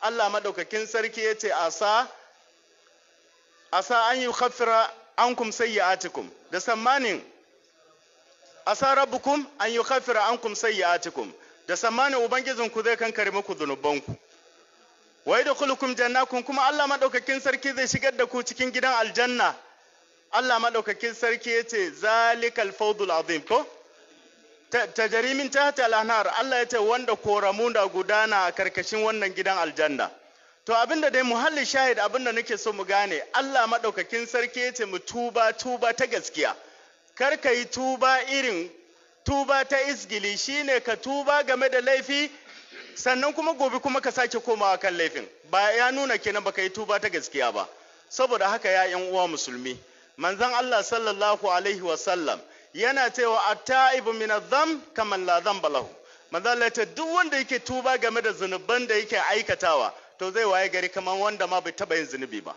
Allah madaukakin sarki ya ce asa asa an yi khaffira ankum sayyi'atikum da sammanin asa rabbukum an yi khaffira ankum sayyi'atikum da tsammanin ku zai kankare muku zunubanku wa yadkhulukum jannakun kuma Allah madaukakin sarki zai shigar da ku cikin gidan aljanna Allah madaukakin sarki yace zalikal fawdul azim ko tajarimin ta al lanar Allah yace wanda koramu da gudana a karkashin wannan gidan aljanna to abinda dai muhalli shahid abinda nake so mu gane Allah maɗaukakin sarki yace mu tuba tuba ta gaskiya kar ka yi tuba irin tuba ta shi ne ka tuba game da laifi sannan kuma gobe kuma ka sake komawa kan laifin ba ya nuna kenan baka yi tuba ta gaskiya ba saboda haka ya yan uwa musulmi manzon Allah sallallahu alaihi wa sallam yana cewa at-ta'ibu min adh-dham kaman la dhanba lahu manzon Allah ta duk wanda yake tuba game da zunuban da yake aikatawa to zai waye gari kaman wanda ma bai taba yin zunubi ba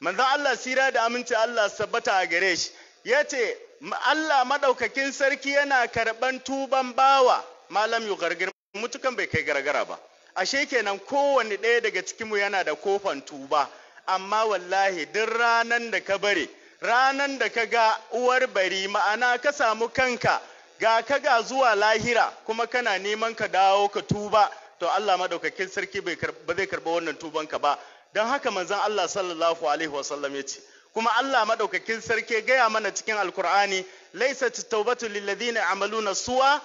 manzon Allah sira da aminci Allah sabbata a gare shi yace Allah maɗaukakin sarki yana karban tuban bawa malam yu gargir mutukan bai kai gargara ba ashe kenan kowanne ɗaya daga cikinmu yana da kofan tuba amma wallahi duk ranan da ka bare ranan da ka ga uwar bari ma'ana ka samu kanka ga ka ga zuwa lahira kuma kana neman ka dawo ka tuba to Allah madaukakin sarki ba zai karba wannan tubanka ba don haka manzon Allah sallallahu alaihi wasallam ya ce kuma Allah madaukakin sarki gaya mana cikin alkur'ani laysat tawbatu lil ladina amaluna suwa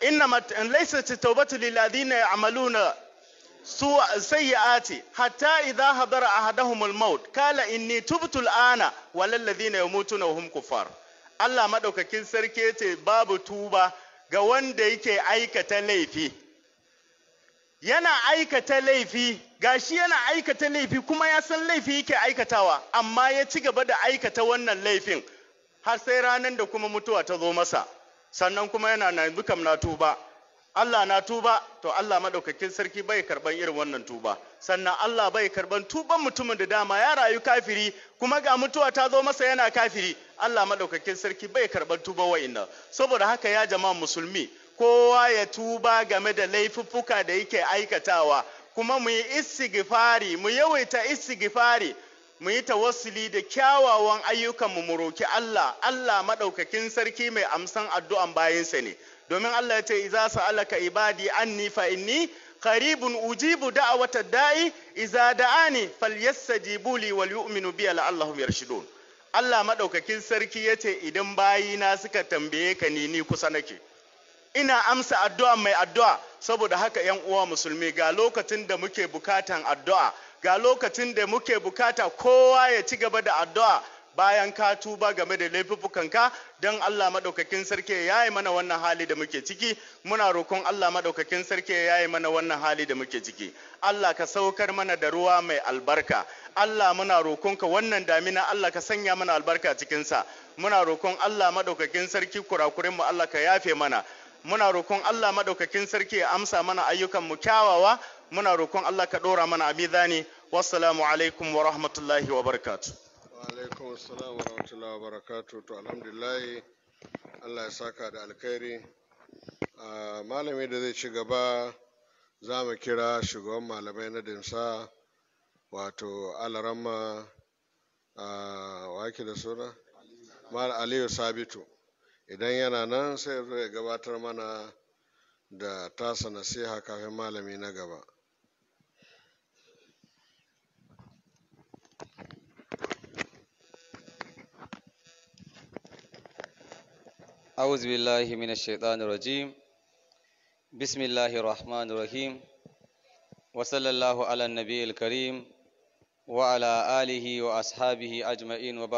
innama laysat tawbatu lil ladina ya'maluna suwa sayyi'ati hatta idha hadara ahaduhumul maut kala inni tubtu al'ana walal ladina yamutuna hum kuffar Allah madaukakin sarki ce babu tuba ga wanda yake aikata laifi yana aikata laifi gashi yana aikata laifi kuma ya san laifi yake aikatawa amma ya ci gaba da aikata wannan laifin har sai ranar da kuma mutuwa ta zo masa sannan kuma yana na dukkan na tuba Allah na tuba to Allah madaukakin sarki bai karban irin wannan tuba sannan Allah bai karban tuban mutumin da dama ya rayu kafiri kuma ga mutuwa ta zo masa yana kafiri Allah madaukakin sarki bai karban tuba wainna saboda haka ya jama'a musulmi kowa ya tuba game da laifuffuka da yake aikatawa kuma mu yi istighfari mu yawaita istighfari mu yi tawassuli da kyawawan ayyukan mu roki Allah Allah Maɗaukakin sarki mai amsan addu'an bayansa ne domin Allah ya ce idza sa'alaka ibadi anni fa inni qaribun ujibu da'wata da'i idza da'ani falyastajibu li wal yu'minu bi la'allahum yarshudun Allah Maɗaukakin sarki yace idan bayina suka tambaye ka ni ni kusa nake ina amsa addu'a mai addu'a saboda haka yan uwa musulmi ga lokacin da muke bukatan addu'a ga lokacin da muke bukata kowa ya ci gaba da addu'a bayan ka tuba game da laifuffukanka don Allah maɗaukakin sarki ya yi mana wannan hali da muke ciki muna roƙon Allah maɗaukakin sarki ya yi mana wannan hali da muke ciki Allah ka saukar mana da ruwa mai albarka Allah muna roƙonka wannan damina Allah ka sanya mana albarka cikinsa muna roƙon Allah maɗaukakin sarki kurakurinmu Allah ka yafe mana muna roƙon Allah madaukakin sarki ya amsa mana ayyukan mu kyawawa muna roƙon Allah ka ɗora mana a mizani wassalamu alaikum wa rahmatullahi wa barakatu wa alaikum assalam wa rahmatullahi wa barakatu to alhamdulillah Allah ya saka da alkhairi ah, malami da zai ci gaba za mu kira shugaban malamai na dinsa wato alarama ah, wa da suna mal aliyu sabitu idan yana nan sai ya zo ya gabatar mana da tasa nasiha kafin malami na gaba أعوذ بالله من الشيطان الرجيم بسم الله الرحمن الرحيم وصلى الله على النبي الكريم وعلى آله وأصحابه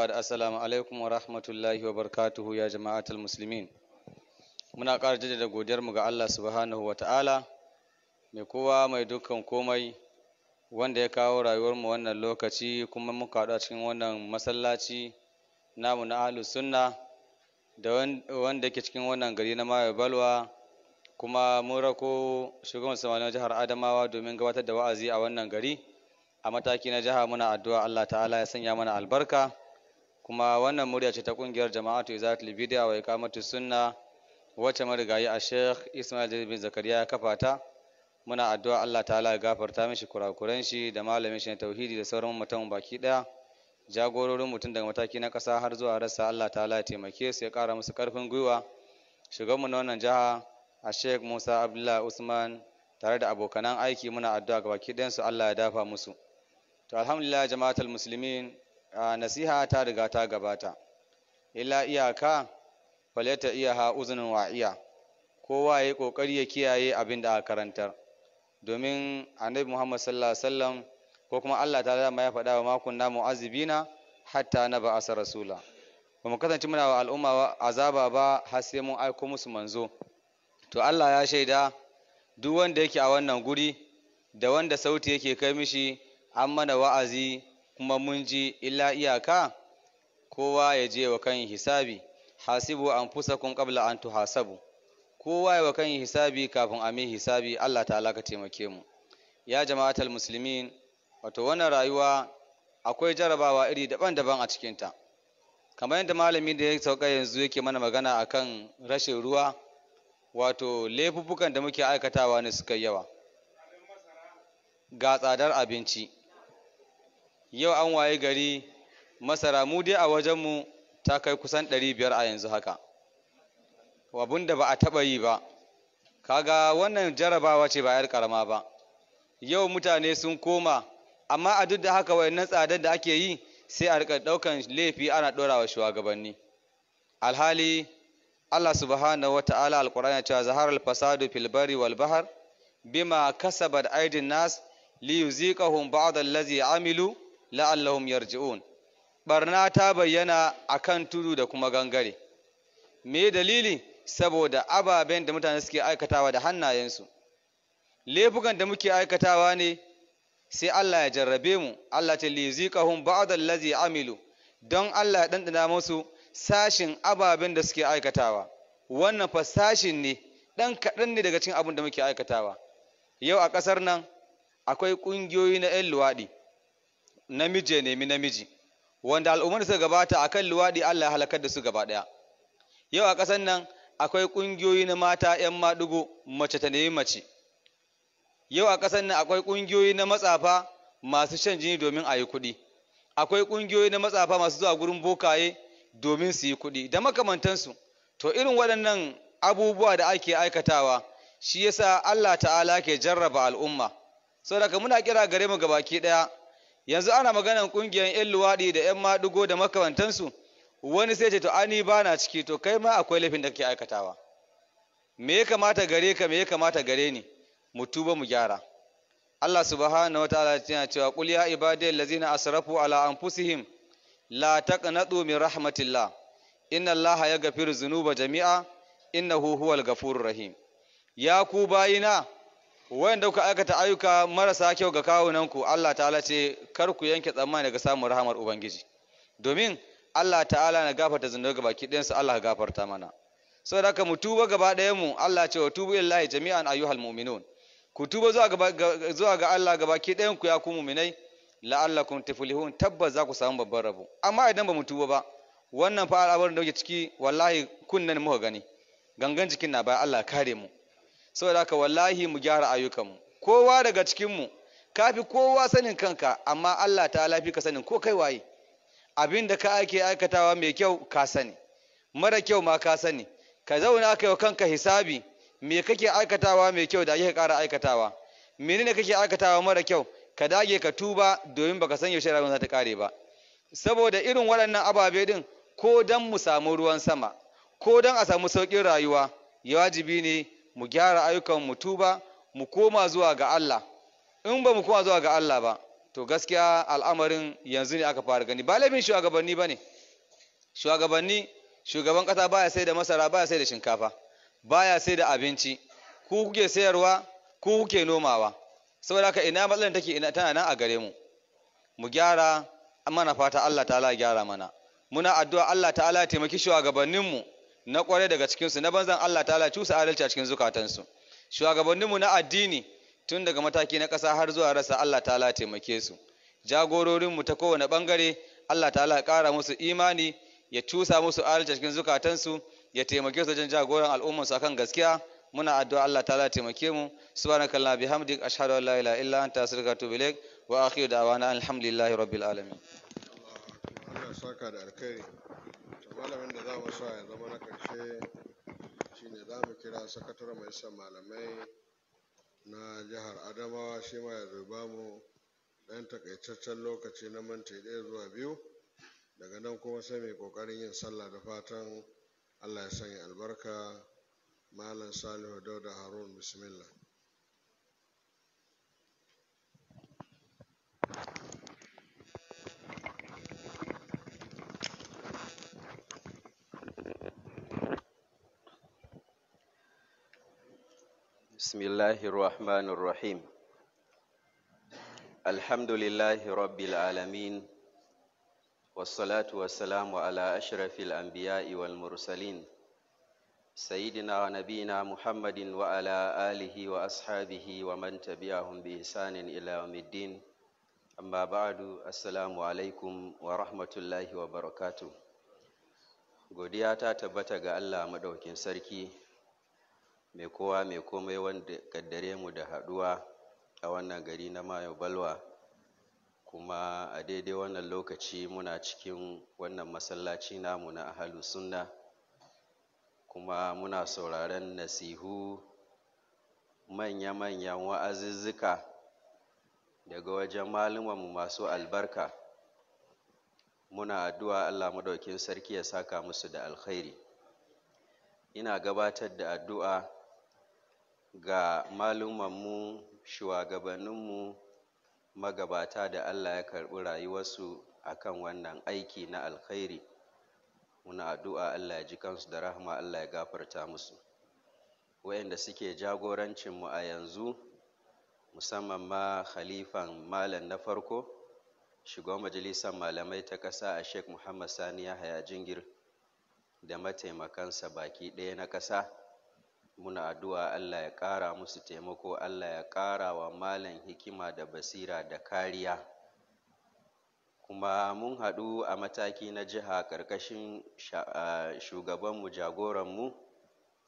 da asalamu alaikum wa rahmatullahi wa barkatuhu ya جماعة المسلمين muna jaje da godiyarmu ga Allah subhanahu wa ta'ala mai kowa mai dukkan komai wanda ya kawo rayuwarmu wannan lokaci kuma muka haɗu a cikin wannan masallaci namu na ahlus sunna da wanda ke cikin wannan gari na mayo balwa kuma mun rako shugaban samanin jihar adamawa domin gabatar da wa'azi a wannan gari a mataki na jiha muna addu'a Allah ta'ala ya sanya mana albarka kuma wannan murya ce ta kungiyar jama'atu izatul bid'a wa iqamatu sunna wacce marigayi a Sheikh Ismail bin Zakariya ya kafa ta muna addu'a Allah ta'ala ya gafarta mishi kurakuran shi da malamin shi na tauhidi da sauran mutum baki daya jagororin mutum daga mataki na kasa har zuwa rasa Allah ta'ala ya taimake su ya kara musu karfin gwiwa Shiga na wannan jiha a Sheikh Musa Abdullah Usman tare da abokanan aiki muna addu'a ga baki ɗayansu Allah ya dafa musu to alhamdulillah jama'atul muslimin nasiha ta riga ta gabata illa iyaka falata iyaha uzunin wa'iya kowa ya kokari ya kiyaye abin da aka karantar domin annabi muhammad sallallahu alaihi wasallam ko kuma Allah ta dama ya faɗa wa makon namu azibina hatta na ba asa rasula ba mu kasance muna wa al'umma ba, azaba ba har sai mun aiko musu manzo to Allah ya shaida duk wanda yake a wannan guri da wanda sauti yake kai mishi an mana wa'azi kuma mun ji illa iyaka kowa ya je wa kan hisabi hasibu an fusa kun ƙabla an tuhasabu kowa ya wa kan hisabi kafin a hisabi allah ta'ala ka taimake mu ya jama'atal Musulmi, wato wannan rayuwa akwai jarabawa iri daban-daban a cikinta kamar yadda malamin da ya sauka yanzu yake mana magana akan rashin ruwa wato laifuffukan da muke aikatawa ne suka yawa ga tsadar abinci yau an waye gari masara mu dai a wajenmu ta kai kusan ɗari biyar a yanzu haka abun ba a taɓa yi ba kaga wannan jarabawa ce ba 'yar ƙarama ba yau mutane sun koma amma a duk da haka wayannan tsadar da ake yi sai a rika ɗaukan laifi ana wa shugabanni alhali Allah subhanahu wa ta'ala ya cewa zaharar fasadu fil bari wal bahar bima kasabat aidin nas li ba'd allazi amilu la'allahum yarji'un barna ta bayyana akan tudu da kuma gangare me dalili saboda ababen da mutane suke aikatawa da hannayensu laifukan da muke aikatawa ne sai Allah ya jarrabe mu Allah ce li ba'd allazi amilu don Allah ya ɗanɗana musu sashin ababen da suke aikatawa wannan fa sashin ne dan kaɗan ne daga cikin abin da muke aikatawa yau a ƙasar nan akwai ƙungiyoyi na 'yan luwaɗi namiji ya nemi namiji wanda al'ummar suka gabata akan luwaɗi Allah ya halakar da su gaba ɗaya yau a ƙasar nan akwai ƙungiyoyi na mata 'yan maɗigo mace ta nemi mace yau a ƙasar nan akwai ƙungiyoyi na matsafa masu shan jini domin a yi kuɗi akwai ƙungiyoyi na matsafa masu zuwa gurin bokaye domin su yi kuɗi da makamantansu to irin waɗannan abubuwa da ake aikatawa shi yasa Allah ta'ala ke jarraba al'umma saboda muna kira gare mu gabaki ɗaya yanzu ana maganar ƙungiyar 'yan luwaɗi da 'yan maɗigo da makamantansu wani sai ce to ani ba na ciki to kai ma akwai laifin da kake aikatawa me ya kamata gare ka me ya kamata gare ni mu tuba mu gyara Allah subhanahu wataala yana cewa qul ya ibadiyal ladzina asrafu ala anfusihim la taqnatu min rahmatillah inna allaha yaghfiru dhunuba jami'a innahu huwal ghafurur rahim ya ku bayina wayanda kuka aikata ayyuka marasa kyau ga kawunanku Allah ta'ala ce kar ku yanke tsammani daga samun rahamar ubangiji domin Allah ta'ala na gafarta zunubi ga baki ɗayansu Allah ya gafarta mana saboda haka mu tuba gaba ɗayan mu Allah ce wa tubu illahi jami'an ayyuhal mu'minun ku tuba zuwa ga zuwa ga Allah ga baki ɗayan ku ya ku mu'minai la'allakum tuflihun tabbas za ku samu babban rabo amma idan ba mu tuba ba wannan fa al'amarin da ciki wallahi kunnan muka gani gangan jikin na baya Allah kare mu saboda haka wallahi mu gyara ayyukanmu kowa daga cikinmu ka fi kowa sanin kanka amma Allah ta lafi ka sanin ko kai waye abin da ka ake aikatawa mai kyau ka sani mara kyau ma ka sani ka zauna ka yi kanka hisabi me kake aikatawa mai kyau da kake ƙara aikatawa menene kake aikatawa mara kyau ka dage ka tuba domin baka san yaushe rayuwar za ta kare ba saboda irin waɗannan ababe din ko dan mu samu ruwan sama ko don a samu sauƙin rayuwa ya wajibi ne mu gyara ayyukan mu tuba mu koma zuwa ga Allah in ba mu koma zuwa ga Allah ba to gaskiya al'amarin yanzu ne aka fara gani ba laifin shugabanni bane shugabanni shugaban kasa baya sai da masara baya sai da shinkafa baya sai da abinci ku kuke sayarwa ku kuke nomawa saboda haka ina matsalar take ina tana nan a gare mu mu gyara mana fata Allah ta'ala ya gyara mana muna addu'a Allah ta'ala ya taimaki shugabanninmu na kware daga cikinsu na banzan Allah ta'ala cusa adalci a cikin zukatansu shugabanninmu na addini tun daga mataki na ƙasa har zuwa rasa Allah ta'ala taimake su jagororinmu ta kowane ɓangare Allah Ta ya ƙara musu imani ya cusa musu adalci a cikin zukatansu ya taimake su wajen jagoran al'ummarsu akan gaskiya muna addu'a Allah Ta ya taimake mu subhanakallahumma bihamdik ashhadu an la ilaha illa anta astaghfiruka wa atubu ilaik wa akhiru da'wana alhamdulillahi rabbil alamin malamin da za mu sa ya zama na ƙarshe shine za mu kira sakataren majalisar malamai na jihar adamawa shi ma ya zuba mu ɗan takaitaccen lokaci na minti ɗaya zuwa biyu daga nan kuma sai mai ƙoƙarin yin sallah da fatan allah ya sanya albarka malam salihu dauda harun bismillah بسم الله الرحمن الرحيم الحمد لله رب العالمين والصلاة والسلام على أشرف الأنبياء والمرسلين سيدنا ونبينا محمد وعلى آله وأصحابه ومن تبعهم بإحسان إلى يوم الدين أما بعد السلام عليكم ورحمة الله وبركاته godiya ta tabbata ga Allah madaukin sarki mai kowa mai komai wanda kaddare mu da haɗuwa a wannan gari na mayo balwa kuma a daidai wannan lokaci muna cikin wannan masallaci namu na ahalu sunna kuma muna sauraren nasihu manya-manyan wa'azuzzuka daga wajen malumanmu masu albarka muna addu'a Allah madaukin sarki ya saka musu da alkhairi ina gabatar da addu'a ga malumanmu, shugabanninmu, magabata da Allah ya karɓi rayuwarsu a kan wannan aiki na alkhairi. Muna addu'a Allah ya ji kansu da rahma Allah ya gafarta musu. Wayanda suke jagorancinmu a yanzu, musamman ma khalifan malam na farko, shugaban majalisar malamai ta ƙasa a Sheikh Muhammad Sani Yahaya Jingir da mataimakansa baki ɗaya na ƙasa. muna addu'a Allah ya ƙara musu taimako Allah ya ƙara wa malam hikima da basira da kariya kuma mun haɗu a mataki na jiha ƙarƙashin shugabanmu jagoranmu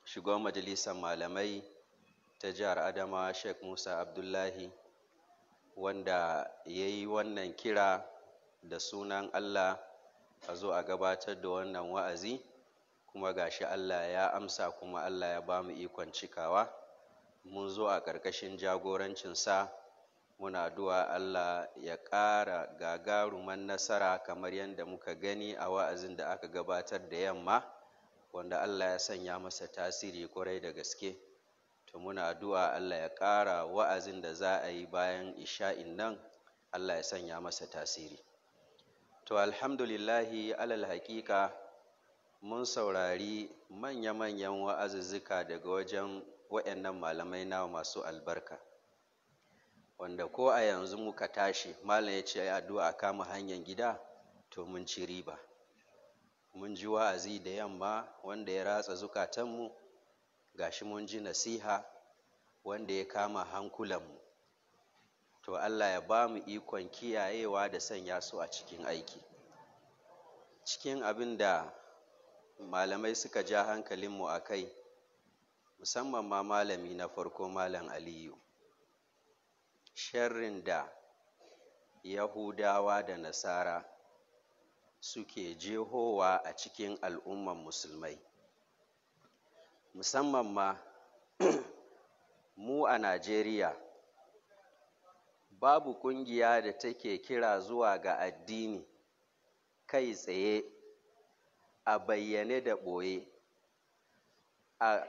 shugaban majalisar malamai ta jihar adama sheikh musa abdullahi wanda ya yi wannan kira da sunan allah a zo a gabatar da wannan wa'azi kuma gashi Allah ya amsa kuma Allah ya ba mu ikon cikawa mun zo a ƙarƙashin jagorancinsa muna duwa Allah ya ƙara gagaruman nasara kamar yadda muka gani a wa'azin da aka gabatar da yamma wanda Allah ya sanya masa tasiri kwarai da gaske to muna duwa Allah ya ƙara wa'azin da za a yi bayan isha'in nan Allah ya sanya masa tasiri to alhamdulillahi alal haƙiƙa mun saurari manya-manyan wa'azuzzuka daga wajen waɗannan malamai na masu albarka wanda ko a yanzu muka tashi malam ya ce addu'a kama hanyar gida to mun ci riba mun ji wa'azi da yamma wanda ya ratsa zukatanmu gashi mun ji nasiha wanda ya kama hankulanmu to Allah ya ba mu ikon kiyayewa da sanya su a cikin aiki cikin abin da malamai suka ja hankalinmu a kai musamman ma malami na farko malam aliyu sharrin da yahudawa da nasara suke jehowa a cikin al'umman musulmai musamman ma mu a najeriya babu ƙungiya da take kira zuwa ga addini kai tsaye a bayyane da ɓoye a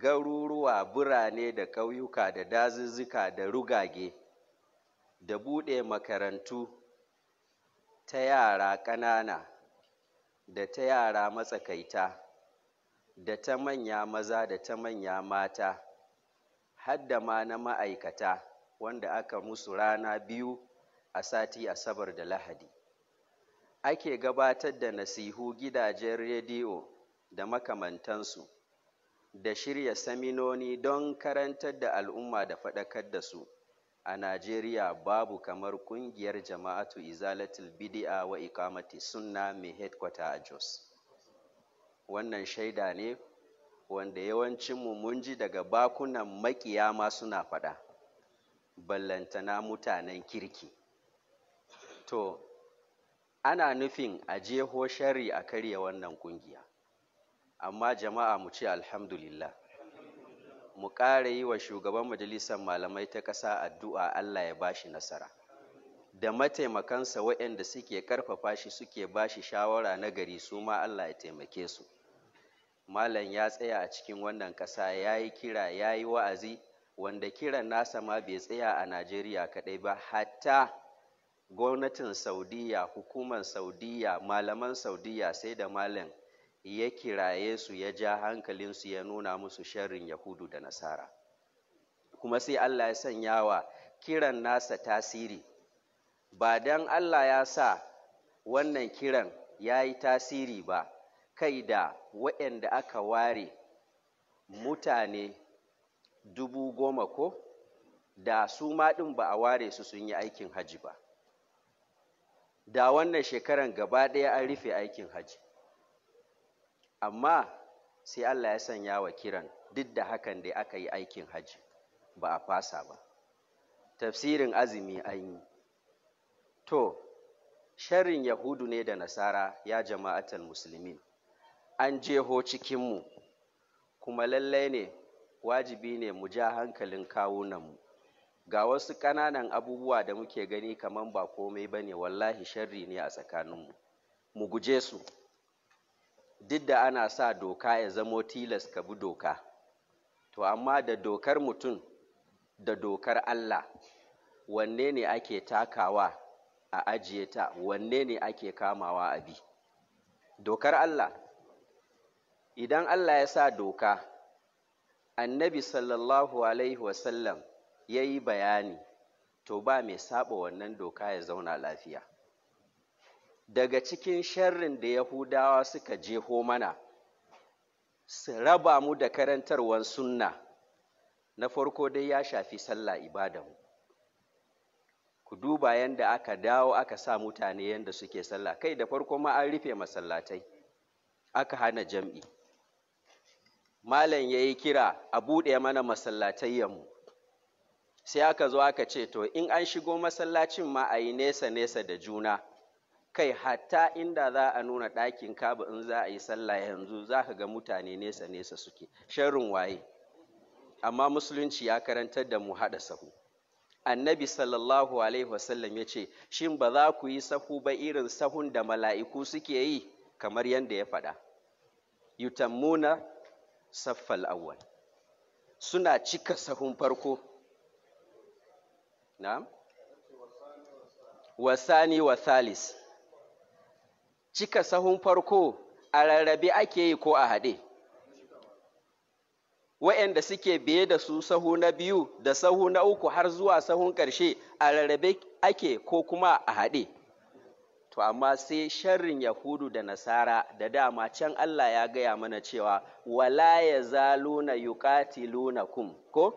garuruwa birane da ƙauyuka da dazuzzuka da rugage da buɗe makarantu ta yara ƙanana da ta yara matsakaita da ta manya maza da ta manya mata hadda ma na ma'aikata wanda aka musu rana biyu a sati asabar da lahadi ake gabatar da nasihu gidajen rediyo da makamantansu da shirya saminoni don karantar da al'umma da faɗakar da su a Najeriya babu kamar ƙungiyar jama'atu izalatul bidi'a wa ikamati sunna mai headquarter a Jos. Wannan shaida ne wanda yawancinmu mun ji daga bakunan ma suna faɗa, ballantana mutanen kirki. To, ana nufin a jeho shari a karya wannan kungiya amma jama'a mu ce alhamdulillah mu ƙara yi wa shugaban majalisar malamai ta ƙasa addu'a Allah ya bashi nasara da mataimakansa waɗanda suke ƙarfafa shi suke bashi shawara na gari su ma Allah ya taimake su malam ya tsaya a cikin wannan ƙasa ya yi kira ya yi wa'azi wanda kiran nasa ma bai tsaya a Najeriya kaɗai ba hatta gwamnatin saudiya hukumar saudiya malaman saudiya sai da malam ya kiraye su ya ja hankalinsu ya nuna musu sharrin yahudu da nasara kuma sai allah ya sanya wa kiran nasa tasiri ba don allah ya sa wannan kiran ya yi tasiri ba kai da waɗanda aka ware mutane dubu goma ko da su ma ɗin ba a ware su sun yi aikin hajji ba da wannan shekaran gaba ɗaya an rufe aikin hajji amma sai Allah ya sanya wa kiran duk da hakan da aka yi aikin hajji ba a fasa ba tafsirin azumi an yi to sharrin yahudu ne da nasara ya jama'atan musulmin an jeho cikinmu kuma lallai ne wajibi ne mu ja hankalin kawunanmu ga wasu ƙananan abubuwa da muke gani kamar ba komai ba ne wallahi sharri ne a tsakaninmu mu guje su duk da ana sa doka ya zamo tilas ka bi doka to amma da dokar mutum da dokar Allah wanne ne ake takawa a ajiye ta wanne ne ake kamawa a bi dokar Allah idan Allah ya sa doka annabi sallallahu alaihi wasallam ya yi bayani to ba mai saba wannan doka ya zauna lafiya daga cikin sharrin da yahudawa suka jeho mana su raba mu da karantarwar sunna na farko dai ya shafi sallah ibadanmu ku duba yadda aka dawo aka sa mutane yadda suke sallah kai da farko ma an rufe masallatai aka hana jam'i malam ya yi kira a buɗe mana masallatai yammu sai aka zo aka ce to in an shigo masallacin ma a yi nesa-nesa da juna kai hatta inda za a nuna ɗakin kaba in za a yi sallah yanzu za ka ga mutane nesa-nesa suke sharrin waye amma musulunci ya karantar da mu haɗa sahu annabi sallallahu alaihi wasallam ya ce shin ba za ku yi sahu ba irin sahun da mala'iku suke yi kamar yadda ya faɗa yutammuna saffal awwal suna cika sahun farko na'am wasani wa thalis cika sahun farko a rarrabe ake yi ko a haɗe wa'yanda suke biye da su sahu na biyu da sahu na uku har zuwa sahun ƙarshe a rarrabe ake ko kuma a haɗe to amma sai sharrin yahudu da nasara da dama can Allah ya gaya mana cewa wala ya zaluna yuqatilunakum ko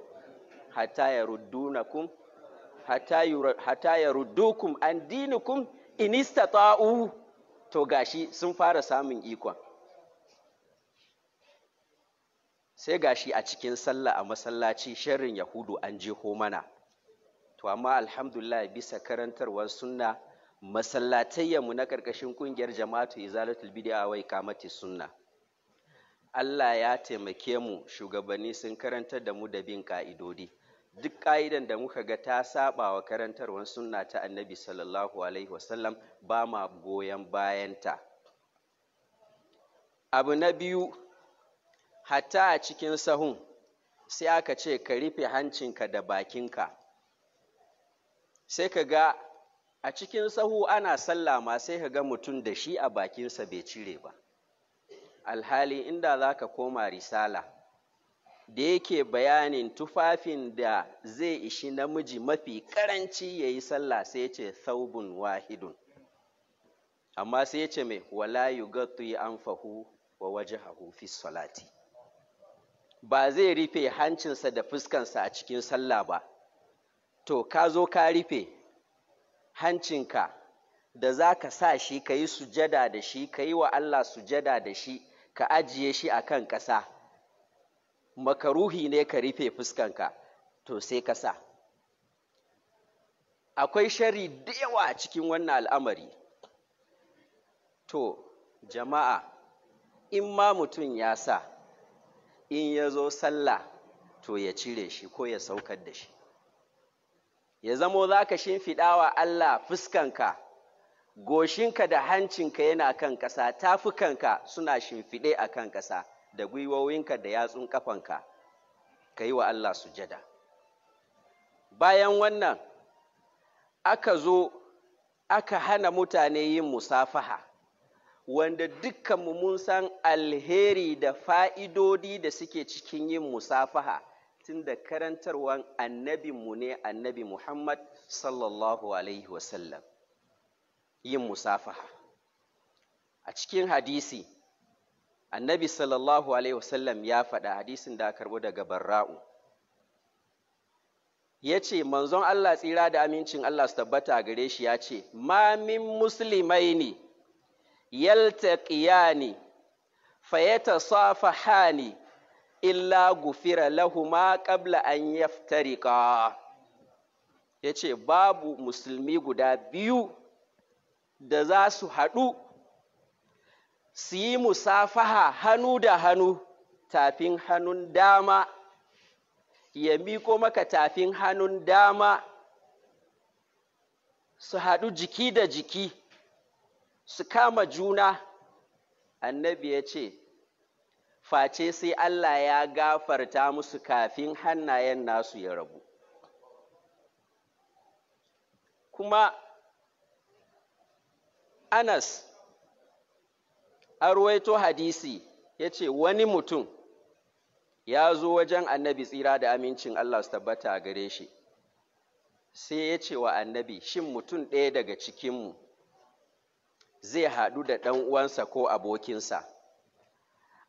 hatta ya yaruddunakum hata ya ruddukum an dinukum in to gashi sun fara samun ikon sai gashi a cikin sallah a masallaci sharrin yahudu an jeho mana to amma alhamdulillah bisa karantarwar sunna masallatayyanmu na ƙarƙashin ƙungiyar jama'atu izalatul bid'a wai kamati sunna Allah ya taimake mu shugabanni sun karantar da mu da bin ka'idodi duk ƙa'idan da muka ga ta saba wa karantarwar sunna ta annabi sallallahu alaihi wasallam ba ma goyon bayanta abu na biyu hatta a cikin sahun sai aka ce ka rufe hancinka da bakinka sai ka ga a cikin sahu ana sallah ma sai ka ga mutum da shi a bakinsa bai cire ba alhali inda za ka koma risala da yake bayanin tufafin da zai ishi namiji mafi karanci ya yi sallah sai ce saubun wahidun amma sai ce mai wala yugattu yi anfahu wa wajahahu fi salati ba zai rufe hancinsa da fuskansa a cikin sallah ba to ka zo ka rufe hancinka da za ka sa shi ka yi sujada da shi ka yi wa Allah sujada da shi ka ajiye shi a kan ƙasa makaruhi ne ka rufe fuskanka to sai ka sa akwai shari da yawa a cikin wannan al'amari to jama'a in ma mutum ya sa in ya zo sallah to ya cire shi ko ya saukar da shi ya zamo za ka shimfiɗawa Allah fuskanka goshinka da hancinka yana kan ƙasa tafukanka suna shimfiɗe a kan ƙasa da gwiwowinka da yatsun kafanka ka yi wa Allah sujada bayan wannan aka zo aka hana mutane yin musafaha wanda dukkanmu mun san alheri da fa'idodi da suke cikin yin musafaha tun da karantarwan annabinmu ne annabi Muhammad sallallahu Alaihi wasallam yin musafaha. A cikin hadisi, annabi sallallahu alaihi wasallam ya faɗa hadisin da karɓo daga barra'u ya ce manzon Allah tsira da amincin Allah su tabbata a gare shi ya ce ma min muslimaini yaltaqiyani ne illa gufira lahuma qabla an yaftariqa ya ce babu musulmi guda biyu da za su haɗu su yi musafaha hannu da hannu tafin hannun dama ya miko maka tafin hannun dama su haɗu jiki da jiki su kama juna annabi ya ce face sai Allah ya gafarta musu kafin hannayen nasu ya rabu kuma Anas Arwaito hadisi ya ce wani mutum ya zo wajen annabi tsira da amincin Allah su tabbata a gare shi sai ya ce wa annabi shin mutum ɗaya daga cikinmu zai haɗu da ɗan uwansa ko abokinsa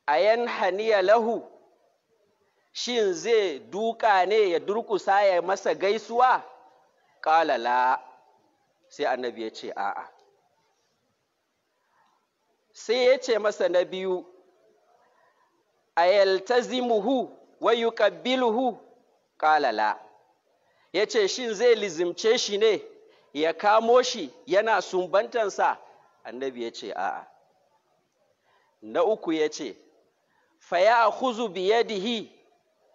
a yan haniya lahu shin zai duka ne ya durƙusa ya masa gaisuwa ƙalala sai annabi ya ce a'a sai ya ce masa na biyu a yaltazimuhu wa yuqabbiluhu qala la yace shin zai lizimce shi ne ya kamo shi yana sumbantansa annabi ya ce a'a na uku ya ce fa ya huzu biyadihi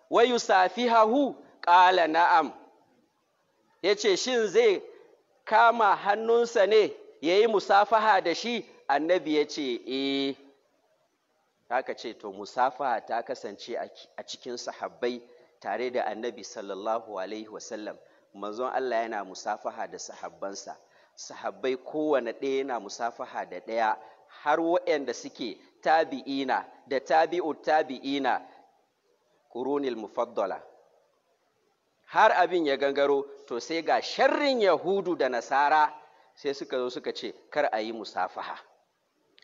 wa yusafihahu qala na'am yace shin zai kama hannunsa ne ya yi musafaha da shi annabi ya ce eh ka ce to musafa ta kasance a cikin sahabbai tare da annabi sallallahu alaihi wasallam manzon Allah yana musafaha da sahabbansa sahabbai kowane ɗaya yana musafaha da ɗaya har waɗanda suke tabi'ina da tabi'u tabi'ina kurunil mufaddala har abin ya gangaro to sai ga sharrin yahudu da nasara sai suka zo suka ce kar a yi musafaha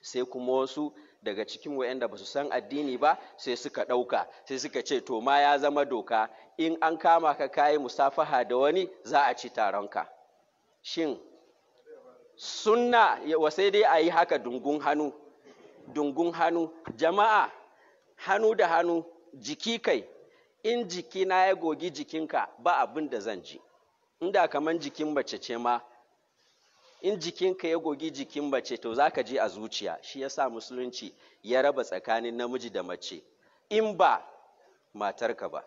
sai kuma wasu daga cikin wayanda ba su san addini ba sai suka ɗauka sai suka ce to ma ya zama doka in an kama ka kayi musafaha da wani za a ci taronka shin sunna sai dai a yi haka dungun hannu dungun hannu jama'a hannu da hannu jiki kai in jikina ya gogi jikinka ba abin da zan ji inda kamar jikin mace ce ma in jikinka ya gogi jikin mace to za ka je a zuciya shi ya sa musulunci ya raba tsakanin namiji da mace in ba matarka ba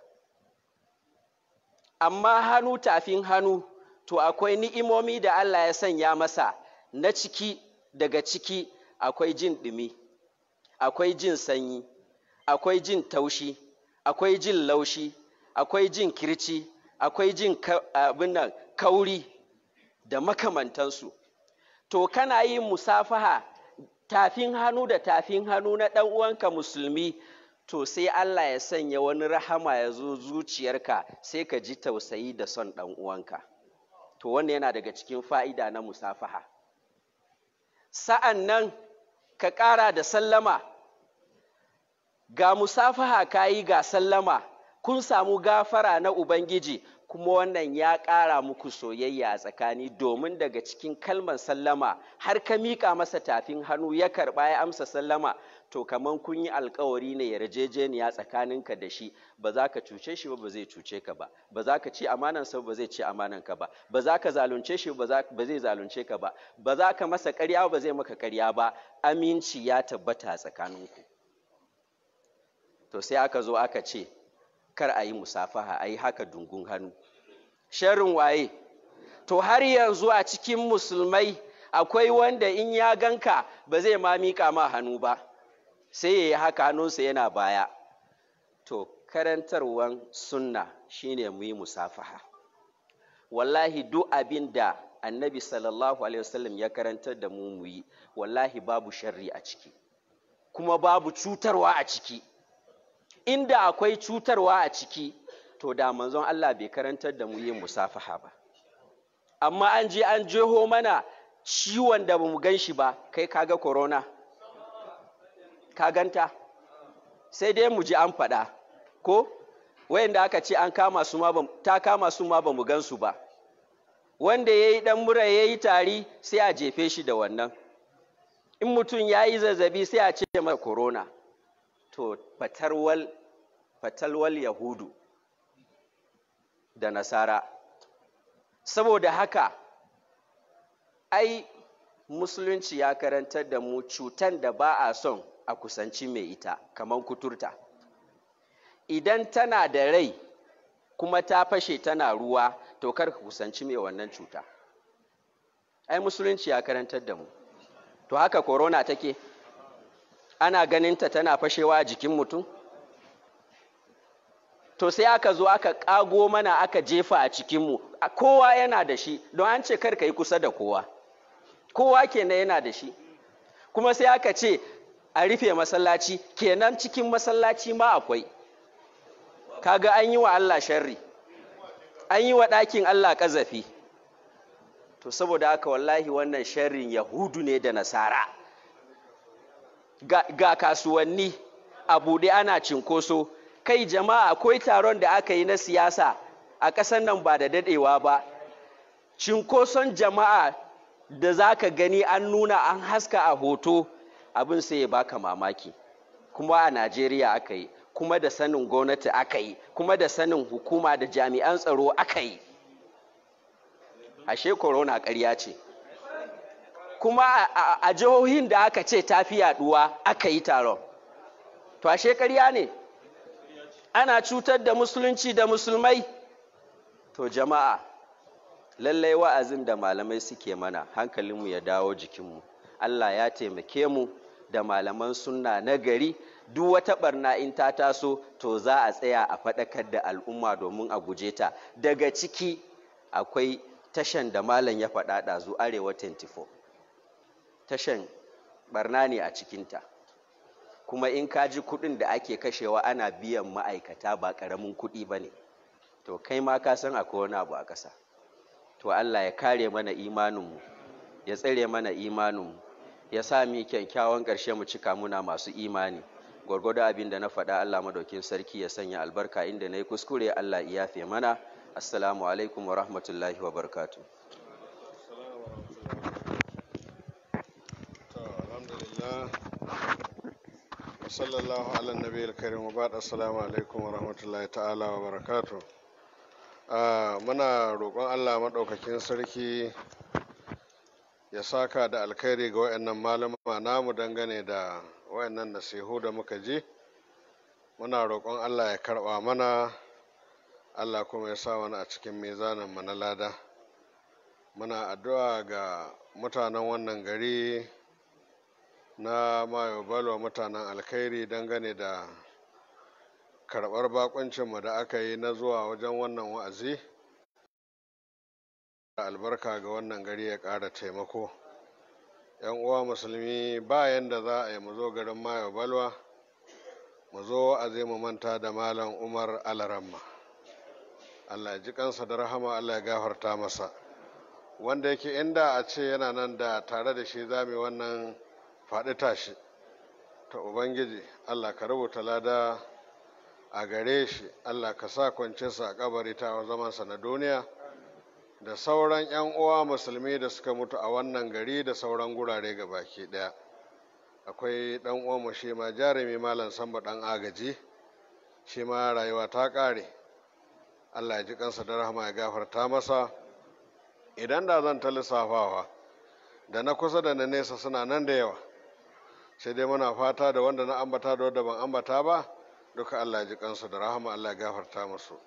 amma hannu tafin hannu to akwai ni'imomi da Allah ya sanya masa na ciki daga ciki akwai jin ɗumi akwai jin sanyi akwai jin taushi akwai jin laushi akwai jin kirci akwai jin abin kauri da makamantansu to kana yin musafaha tafin hannu da tafin hannu na ɗan uwanka musulmi to sai Allah ya sanya wani rahama ya zo zuciyarka sai ka ji tausayi da son ɗan uwanka to wannan yana daga cikin fa'ida na musafaha sa'an nan ka ƙara da sallama ga musafaha ka yi ga sallama kun samu gafara na Ubangiji kuma wannan ya ƙara muku soyayya a tsakani domin daga cikin kalmar sallama har ka miƙa masa tafin hannu ya karɓa ya amsa sallama to kamar kun yi alkawari ne yarjejeniya tsakaninka da shi ba za ka cuce shi ba ba zai cuce ka ba ba za ka ci amanan sa ba zai ci amanan ka ba ba za ka zalunce shi ba ba zai zalunce ka ba ba za ka masa ƙarya ba zai maka ƙarya ba aminci ya tabbata a tsakaninku to sai aka zo aka ce kar a yi musafaha a yi haka dungun hannu sharin waye to har yanzu a cikin musulmai akwai wanda in ya ganka ba zai ma miƙa ma hannu ba sai ya yi haka hannunsa yana baya to karantarwan sunna shine mu yi musafaha wallahi duk abin da annabi sallallahu alaihi wasallam ya karantar da mu mu yi wallahi babu sharri a ciki kuma babu cutarwa a ciki inda akwai cutarwa a ciki to da manzon Allah bai karantar da mu yin musafaha ba amma an je an jeho mana ciwon da ba mu gan shi ba kai kaga corona ka ganta sai dai mu ji an faɗa ko wayanda aka ce an kama su ma ta kama su ma ba mu gan ba wanda ya yi ɗan mura ya yi tari sai a jefe shi da wannan in mutum ya yi zazzabi sai a ce mai corona to fatalwal yahudu da nasara saboda haka ai musulunci ya karantar da mu cutan da ba a son a kusanci mai ita kamar kuturta idan tana da rai kuma ta fashe tana ruwa to kar ka kusanci mai wannan cuta ai musulunci ya karantar da mu to haka corona take ana ganinta tana fashewa a jikin mutum to sai aka zo aka ƙago mana aka jefa a cikinmu kowa yana da shi don an ce kar ka yi kusa da kowa kowa kenan yana da shi kuma sai aka ce a rufe masallaci kenan cikin masallaci ma akwai kaga an yi wa Allah sharri an yi wa ɗakin Allah ƙazafi to saboda haka wallahi wannan sharrin yahudu ne da nasara ga, kasuwanni a buɗe ana cinkoso kai jama'a akwai taron da aka yi na siyasa a ƙasar nan ba da daɗewa ba cinkoson jama'a da za ka gani an nuna an haska a hoto abin sai ya baka mamaki kuma a najeriya aka yi kuma da sanin gwamnati aka yi kuma da sanin hukuma da jami'an tsaro aka yi ashe korona ƙarya ce kuma a jihohin da aka ce ta fi yaduwa aka yi taron to ashe ƙarya ne ana cutar da musulunci da musulmai to jama'a lallai wa'azin da malamai suke mana hankalinmu ya dawo jikinmu allah ya taimake mu da malaman sunna na gari duk wata barna in ta taso to za a tsaya a faɗakar da al'umma domin a guje ta daga ciki akwai tashan da malam ya faɗa ɗazu arewa 24 tashan barna ne a cikinta kuma in ka ji kuɗin da ake kashewa ana biyan ma'aikata ba ƙaramin kuɗi ba ne to kai ma ka san akwai wani abu a ƙasa to Allah ya kare mana imaninmu ya tsare mana imaninmu ya sa mi kyankyawan ƙarshe mu cika muna masu imani gwargwado abin da na faɗa Allah madaukin sarki ya sanya albarka inda na yi kuskure Allah ya yafe mana assalamu alaikum wa rahmatullahi wa barkatu. alhamdulillah sallallahu ala nabi alkarim wa ba salamu alaikum wa rahmatullahi ta'ala wa barakatu ah, muna roƙon allah maɗaukakin sarki ya saka da alkhairi ga waannan malama namu dangane da wayannan nasihu da muka ji muna roƙon allah ya karɓa mana allah kuma ya sa wani a cikin mai mu na lada muna addu'a ga mutanen wannan gari na mayo balwa mutanen alkhairi dangane da karɓar bakoncinmu da aka yi na zuwa wajen wannan wa'azi albarka ga wannan gari ya ƙara taimako yan uwa musulmi bayan da za a yi mu zo garin mayo balwa mu zo wa'azi mu manta da malam umar alaramma allah ya ji kansa da rahama allah ya gafarta masa wanda yake inda a ce yana nan da tare da shi zami wannan faɗi tashi ta ubangiji allah ka rubuta lada a gare shi allah ka sa kwancinsa a kabari ta zamansa na duniya da sauran 'yan uwa musulmi da suka mutu a wannan gari da sauran gurare ga baki ɗaya akwai ɗan uwanmu shi ma jarumi malam samba ɗan agaji shi ma rayuwa ta ƙare allah ya ji kansa da rahama ya gafarta masa idan da zan ta lissafawa da na kusa da na nesa suna nan da yawa sai dai muna fata da wanda na ambata da wanda ban ambata ba duka Allah ji kansu da rahama Allah ya gafarta musu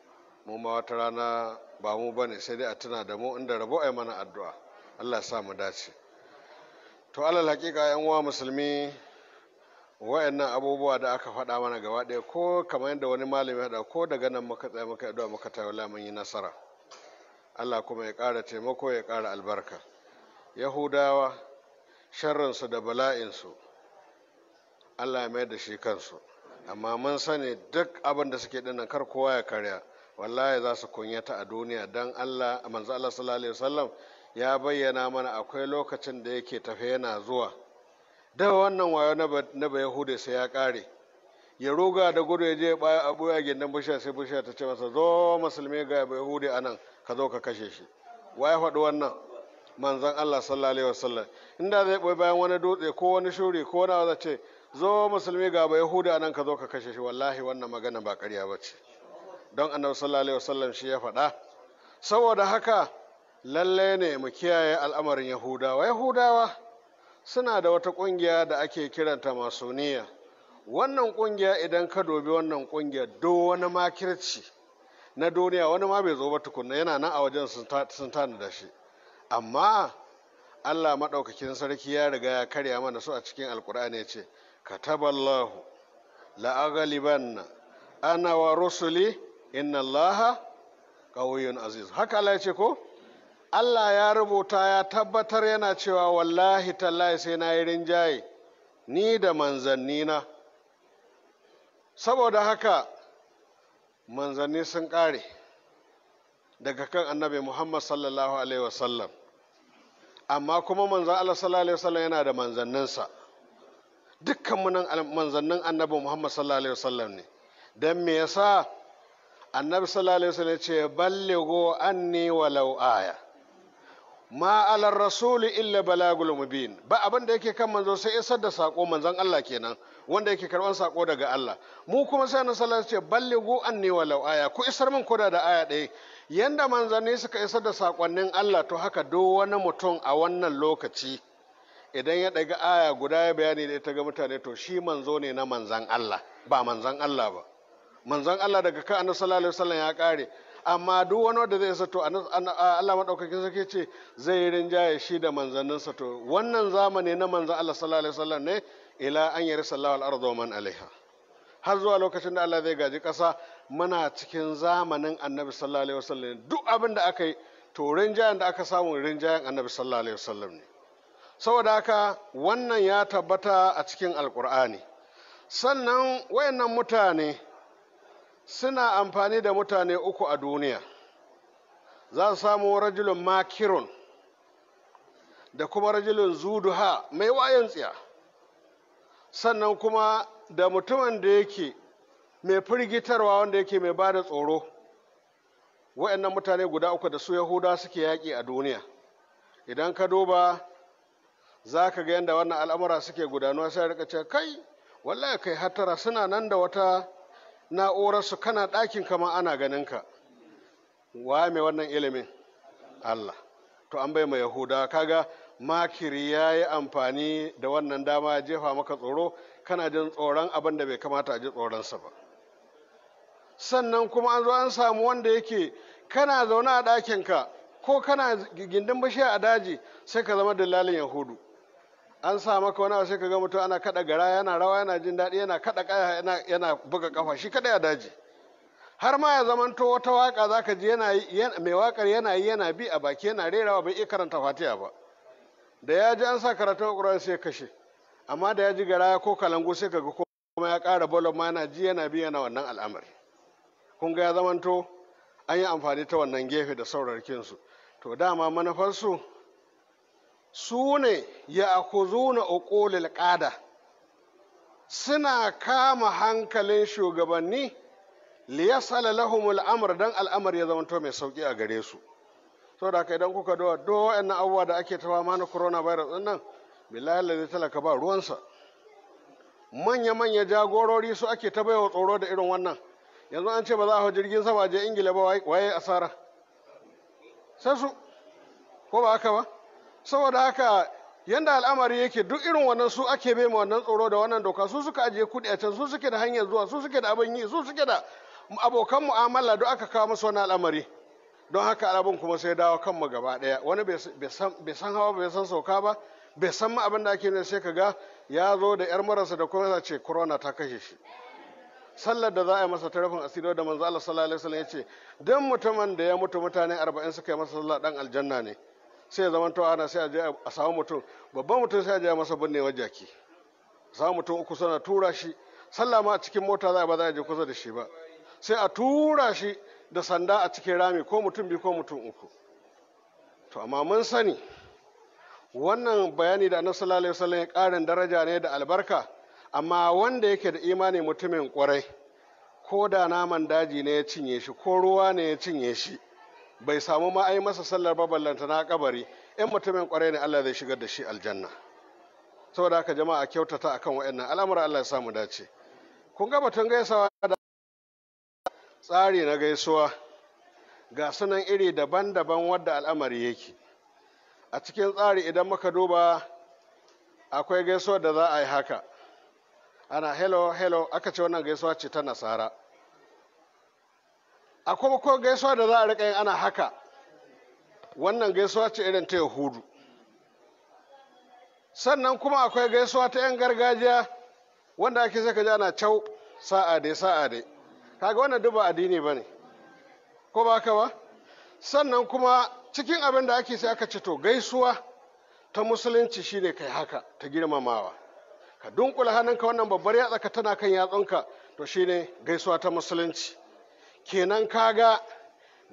mu ma wata rana ba mu bane sai dai a tuna da mu inda rabo ai mana addu'a Allah ya sa mu dace to alal hakika yan uwa musulmi wayannan abubuwa da aka faɗa mana gaba ɗaya ko kamar yadda wani malami ya ko daga nan muka tsaya muka addu'a muka tayi mun yi nasara Allah kuma ya ƙara taimako ya ƙara albarka Yahudawa sharrinsu da bala'insu Allah ya mayar da shi kansu amma mun sani duk abin da suke dinnan kar kowa ya karya wallahi za su kunyata a duniya dan Allah manzo Allah sallallahu alaihi wasallam ya bayyana mana akwai lokacin da yake tafe yana zuwa da wannan wayo na ba yahude sai ya kare ya roga da gudu ya je ba abu ya gindan bushiya sai bushiya ta ce masa zo musulmi ga yahude anan ka zo ka kashe shi waye faɗi wannan manzon Allah sallallahu alaihi wasallam inda zai boye bayan wani dutse ko wani shuri ko wani wanda ce zo musulmi ga ba yahuda nan ka zo ka kashe shi wallahi wannan magana ba karya ba ce don annabi sallallahu alaihi wasallam shi ya faɗa saboda haka lalle ne mu kiyaye al'amarin yahudawa yahudawa suna da wata ƙungiya da ake kiranta masoniya wannan ƙungiya idan ka dobi wannan ƙungiya do wani makirci na duniya wani ma bai zo ba tukunna yana nan a wajen sun tana da shi amma allah maɗaukakin sarki ya riga ya karya mana su a cikin alkur'ani ya ce Ka taballahu la'agaliban ana wa rusuli inna laha ƙauyen aziz haka allah ya ce ko allah ya rubuta ya tabbatar yana cewa wallahi tallahi sai na yi rinjaye ni da manzannina saboda haka manzanni sun ƙare daga kan annabi Muhammad sallallahu alaihi wasallam amma kuma manzan Allah sallallahu alaihi wasallam yana da manzanninsa dukkan munan manzannin annabi Muhammad sallallahu alaihi wasallam ne don me yasa annabi sallallahu alaihi wasallam ya ce an anni walau aya ma alar rasuli illa balagul mubin ba abin da yake kan manzo sai isar da sako manzon Allah kenan wanda yake karban sako daga Allah mu kuma sai na sallah ce ballighu anni walau aya ku isar min koda da aya ɗaya yanda manzanni suka isar da sakonnin Allah to haka do wani mutum a wannan lokaci idan ya ɗaga aya guda ya bayani da ita ga mutane to shi manzo ne na manzan Allah ba manzan Allah ba manzon Allah daga kan annabi sallallahu alaihi wasallam ya kare amma duk wani wanda zai sato Allah maɗaukakin sarki ce zai yi rinjaye shi da manzannin sato wannan zamani na manzan Allah sallallahu alaihi wasallam ne ila an yi sallahu al'arzu man alaiha har zuwa lokacin da Allah zai gaji ƙasa muna cikin zamanin annabi sallallahu alaihi wasallam duk abin da aka yi to rinjayen da aka samu rinjayen annabi sallallahu alaihi wasallam ne saboda haka wannan ya tabbata a cikin Alƙur'ani sannan wayannan mutane suna amfani da mutane uku a duniya za su samu rajulun makirun da kuma rajulun zuduha mai wayan tsiya sannan kuma da mutumin da yake mai firgitarwa wanda yake mai bada tsoro wa'annan mutane guda uku da su yahuda suke yaƙi a duniya idan ka duba za ka ga yadda wannan al'amura suke gudanuwa sai rika ce kai wallahi kai hatara suna nan da wata na'urarsu kana ɗakin kama ana ganin ka wa mai wannan ilimin Allah to an bai ma yahuda kaga makiri ya yi amfani da wannan dama ya jefa maka tsoro kana jin tsoron abin da bai kamata a ji tsoronsa ba sannan kuma an zo an samu wanda yake kana zaune a ɗakinka ko kana gindin bishiya a daji sai ka zama dillalin yahudu an sa maka wani sai ka ga mutum ana kada gara yana rawa yana jin daɗi yana kada kaya yana buga kafa shi kada ya daji har ma ya zamanto wata waka ka ji yana mai wakar yana yi yana bi a baki yana rerawa bai iya karanta fatiha ba da ya ji an sa karatun ƙura sai kashe amma da ya ji gara ko kalangu sai ka ga kuma ya ƙara bolon ma yana ji yana bi yana wannan al'amari kun ga ya zamanto an yi amfani ta wannan gefe da saurarkinsu to dama manufarsu su ne ya na uƙolil ƙada suna kama hankalin shugabanni liyasala lahumul al'amur don al'amur ya zamanto mai sauki a gare su saboda haka idan kuka dawa do yana abubuwa da ake ta mana corona coronavirus din nan billahi da talaka ba ruwansa manya manya jagorori su ake ta baiwa tsoro da irin wannan yanzu an ce ba za a jirgin sama je ingila ba waye asara sai su ko ba haka ba saboda haka yadda al'amari yake duk irin wannan su ake bai ma wannan tsoro da wannan doka su suka ajiye kuɗi a can su suke da hanyar zuwa su suke da abin yi su suke da abokan mu'amala duk aka kawo musu wani al'amari don haka al'abin kuma sai dawo kanmu gaba ɗaya wani bai san hawa bai san sauka ba bai san ma abin da ake ne sai ka ga ya zo da yar marasa da kuma ce corona ta kashe shi sallar da za a yi masa tarafin rufin asiri da manzo Allah sallallahu alaihi wasallam ya ce dan mutumin da ya mutu mutane 40 suka yi masa sallah dan aljanna ne sai ya zama ana sai a je a samu mutum babban mutum sai a je masa binnewar jaki samu mutum uku suna tura shi sallah ma a cikin mota za a ba za a je kusa da shi ba sai a tura shi da sanda a cikin rami ko mutum biyu ko mutum uku to amma mun sani wannan bayani da annabi sallallahu alaihi wasallam ya karin daraja ne da albarka amma wanda yake da imani mutumin kwarai ko da naman daji ne ya cinye shi ko ruwa ne ya cinye shi bai samu ma ai masa sallar baballanta na kabari in mutumin kwarai ne Allah zai shigar da shi aljanna saboda haka jama'a kyautata akan wayannan al'amura Allah ya samu dace kun ga batun gaisawa da tsari na gaisuwa ga sunan iri daban-daban wadda al'amari yake a cikin tsari idan muka duba akwai gaisuwa da za a yi haka ana hello hello aka ce wannan gaisuwa ce ta nasara akwai ko gaisuwa da za a rika yin ana haka wannan gaisuwa ce irin ta yahudu sannan kuma akwai gaisuwa ta 'yan gargajiya wanda ake ka ji ana cau sa'a dai sa'a dai kaga wannan duba addini ba ne ko ba haka ba sannan kuma cikin abin da ake sai aka ce to gaisuwa ta musulunci shine kai haka ta girmamawa ka dunkula hannunka wannan babbar yatsa ka tana kan yatsunka to shine gaisuwa ta musulunci kenan kaga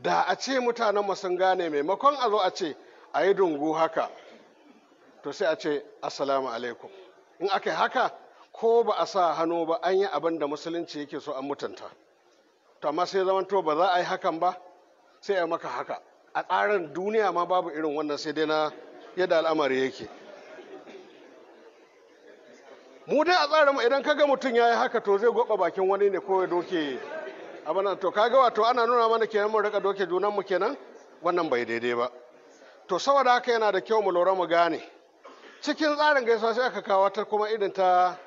da a ce mutanen sun gane maimakon a zo a ce a yi dungu haka to sai a ce assalamu alaikum in aka yi haka ko ba a sa hannu ba an yi abin da musulunci yake so an mutunta to amma sai to ba za a yi hakan ba sai a maka haka a tsarin duniya ma babu irin wannan sai dai na yadda al'amari yake mu dai a tsarin idan kaga mutum ya yi haka to zai goba bakin wani ne ko ya doke abana to kaga wato ana nuna mana kenan mu rika doke junan mu kenan wannan bai daidai ba to saboda haka yana da kyau mu lura mu gane cikin tsarin gaisuwa sai aka kawo ta kuma irin ta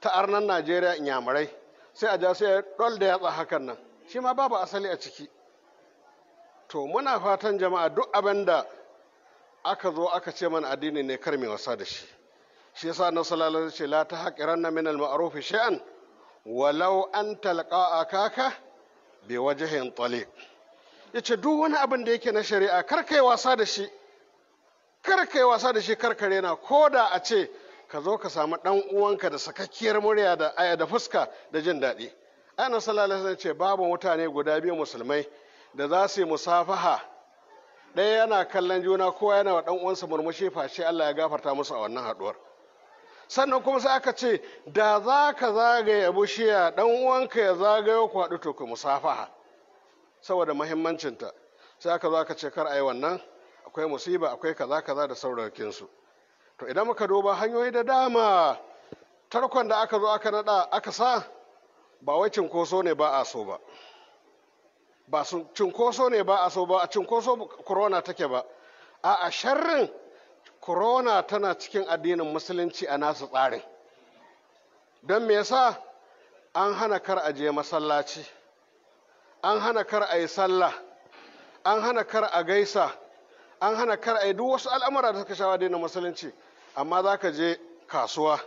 ta arnan Najeriya inyamurai sai a ja sai dol da yatsa hakan nan shi ma babu asali a ciki to muna fatan jama'a duk abin da aka zo aka ce mana addini ne kar mai wasa da shi shi yasa na sallallahu alaihi wasallam ce la ta haqiranna min al-ma'ruf shay'an walau an Bai waje bi tsale ya ce duk wani abin da yake na shari'a kar kai wasa da shi kar kai wasa da shi kar kare ko da a ce ka zo ka samu ɗan uwanka da sakakkiyar murya da aya eh, da fuska da jin daɗi ana sallallahu alaihi ce babu mutane guda biyu musulmai da za su yi musafaha ɗaya yana kallon juna kowa yana wa ɗan uwansa murmushi face Allah ya gafarta musu a wannan haɗuwar sannan kuma sai aka ce da za ka zagaya bushiya dan uwanka ya zagayo ku haɗu to ku musafaha saboda muhimmancinta sai aka zo aka ce kar a yi wannan akwai musiba akwai kaza kaza da saurakinsu to idan muka duba hanyoyi da dama tarkon da aka zo aka nada aka sa ba wai cinkoso ne ba a so ba ba cinkoso ne ba a so ba a cinkoso corona take ba a a sharrin corona tana cikin addinin musulunci a nasu tsarin don me yasa an hana kar a je masallaci an hana kar a yi sallah an hana kar a gaisa an hana kar a yi duk wasu al'amura da suka shawa daina musulunci amma za ka je kasuwa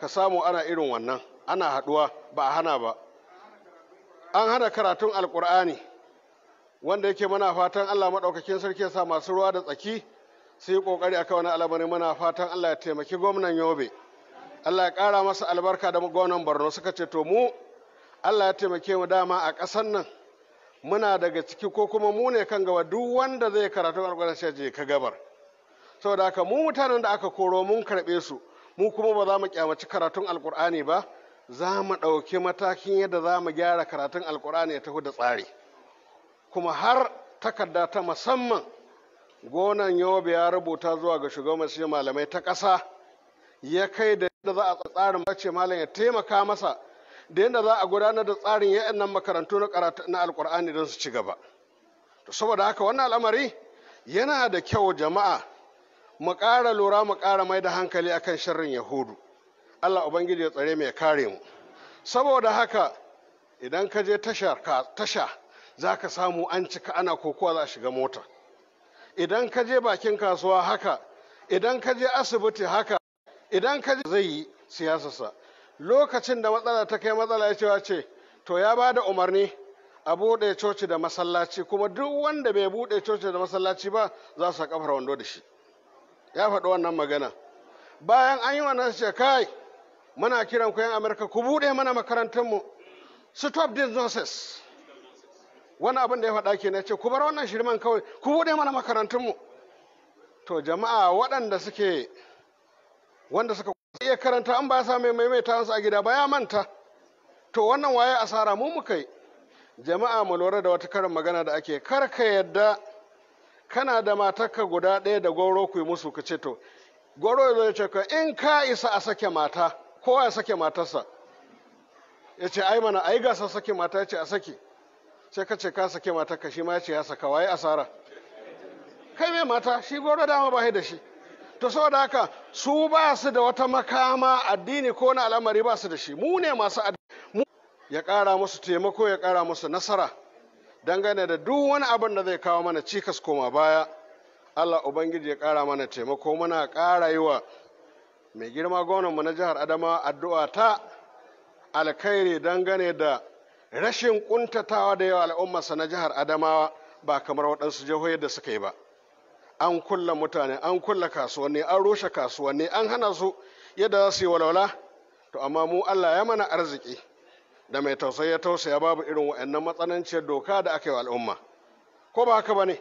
ka samu ana irin wannan ana haɗuwa, ba a hana ba an hana karatun alkur'ani wanda yake mana fatan allah maɗaukakin sarki ya sa masu ruwa da tsaki su yi kokari akan wani al'amari muna fatan Allah ya taimaki gwamnan Yobe Allah ya ƙara masa albarka da gwamnan Borno suka ce to mu Allah ya taimake mu dama a ƙasan nan muna daga ciki ko kuma mu ne kan gaba duk wanda zai karatu alƙur'ani sai je ka gabar saboda haka mu mutanen da aka koro mun karɓe su mu kuma ba za mu kyamaci karatun alƙur'ani ba za mu ɗauki matakin yadda za mu gyara karatun Alƙur'ani ya tafi da tsari kuma har takarda ta musamman gonan yobe ya rubuta zuwa ga shugaban malamai ta ƙasa ya kai da yadda za a tsarin mace malam ya taimaka masa da yadda za a gudanar da tsarin nan makarantu na alkur'ani don su ci gaba to saboda haka wannan al'amari yana da kyau jama'a mu ƙara lura mu ƙara mai da hankali akan sharrin yahudu allah ubangiji ya tsare mu ya kare mu saboda haka idan ka je tasha za ka samu an cika ana kokowa za a shiga mota idan ka je bakin kasuwa haka idan ka je asibiti haka idan ka je zai yi siyasarsa lokacin da matsala ta kai matsala cewa ce to ya ba da umarni a buɗe coci da masallaci kuma duk wanda bai buɗe coci da masallaci ba za su kafar wando da shi ya faɗi wannan magana bayan an yi wannan ce kai muna kiran ku yan amurka ku buɗe mana makarantunmu stop this nonsense wani abin da ya faɗa ke na ce ku bar wannan shirman kawai ku buɗe mana makarantunmu to jama'a waɗanda suke wanda suka iya karanta an ba sa mai maimaita su a gida ba ya manta to wannan waye asara mu mu kai jama'a mu lura da wata karin magana da ake kar ka yadda kana da matarka guda ɗaya da goro ku yi musu ka ce to goro ya ce ka in ka isa a sake mata kowa ya sake matarsa ya ce ai mana ai gasa sake mata ya ce a sake sai ka ce ka sake mata ka shi ma ya ce ya saka waye asara kai mai mata shi gwamna dama ba da shi to saboda haka su ba su da wata makama addini ko na al'amari ba su da shi mu ne masu addini ya kara musu taimako ya kara musu nasara dangane da duk wani abin da zai kawo mana cikas koma baya allah ubangiji ya kara mana taimako muna ƙara yi wa mai girma gwamnanmu na jihar adama addu'a ta alkhairi dangane da rashin kuntatawa da yawa al'ummarsa na jihar adamawa ba kamar waɗansu jihohi da suka yi ba an kulla mutane an kulla kasuwanni an rushe kasuwanni an hana su yadda za su yi walwala to amma mu allah ya mana arziki da mai tausayi ya tausaya babu irin wa'annan matsananciyar doka da aka yi wa al'umma ko ba haka ba ne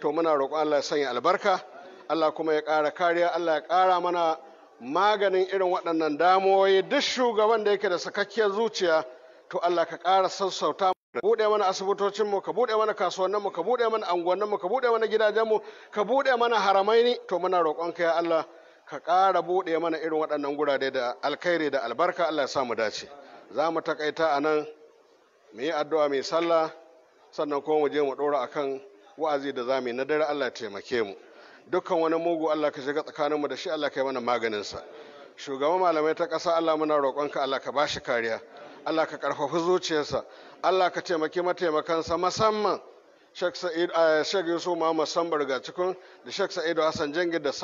to muna roƙon allah ya sanya albarka allah kuma ya ƙara kariya allah ya ƙara mana maganin irin waɗannan damuwoyi duk shugaban da yake da sakakkiyar zuciya to Allah ka ƙara sassauta ka buɗe mana asibitocin mu ka buɗe mana kasuwannin ka buɗe mana anguwannin ka buɗe mana gidajen mu ka buɗe mana haramaini to muna roƙon ka ya Allah ka ƙara buɗe mana irin waɗannan gurare da alkhairi da albarka Allah ya sa mu dace za mu takaita a nan mu yi addu'a mai sallah sannan kuma mu je mu ɗora akan wa'azi da za mu yi na dare Allah ya taimake mu dukkan wani mugu Allah ka shiga tsakaninmu da shi Allah ka yi mana maganinsa shugaban malamai ta ƙasa Allah muna roƙonka Allah ka ba shi kariya Allah ka karfafi zuciyarsa Allah ka taimaki mataimakansa musamman Sheikh Sa'id eh, Sheikh Yusuf Muhammad Sambar ga cikin da Sheikh Sa'id Hassan Jengi da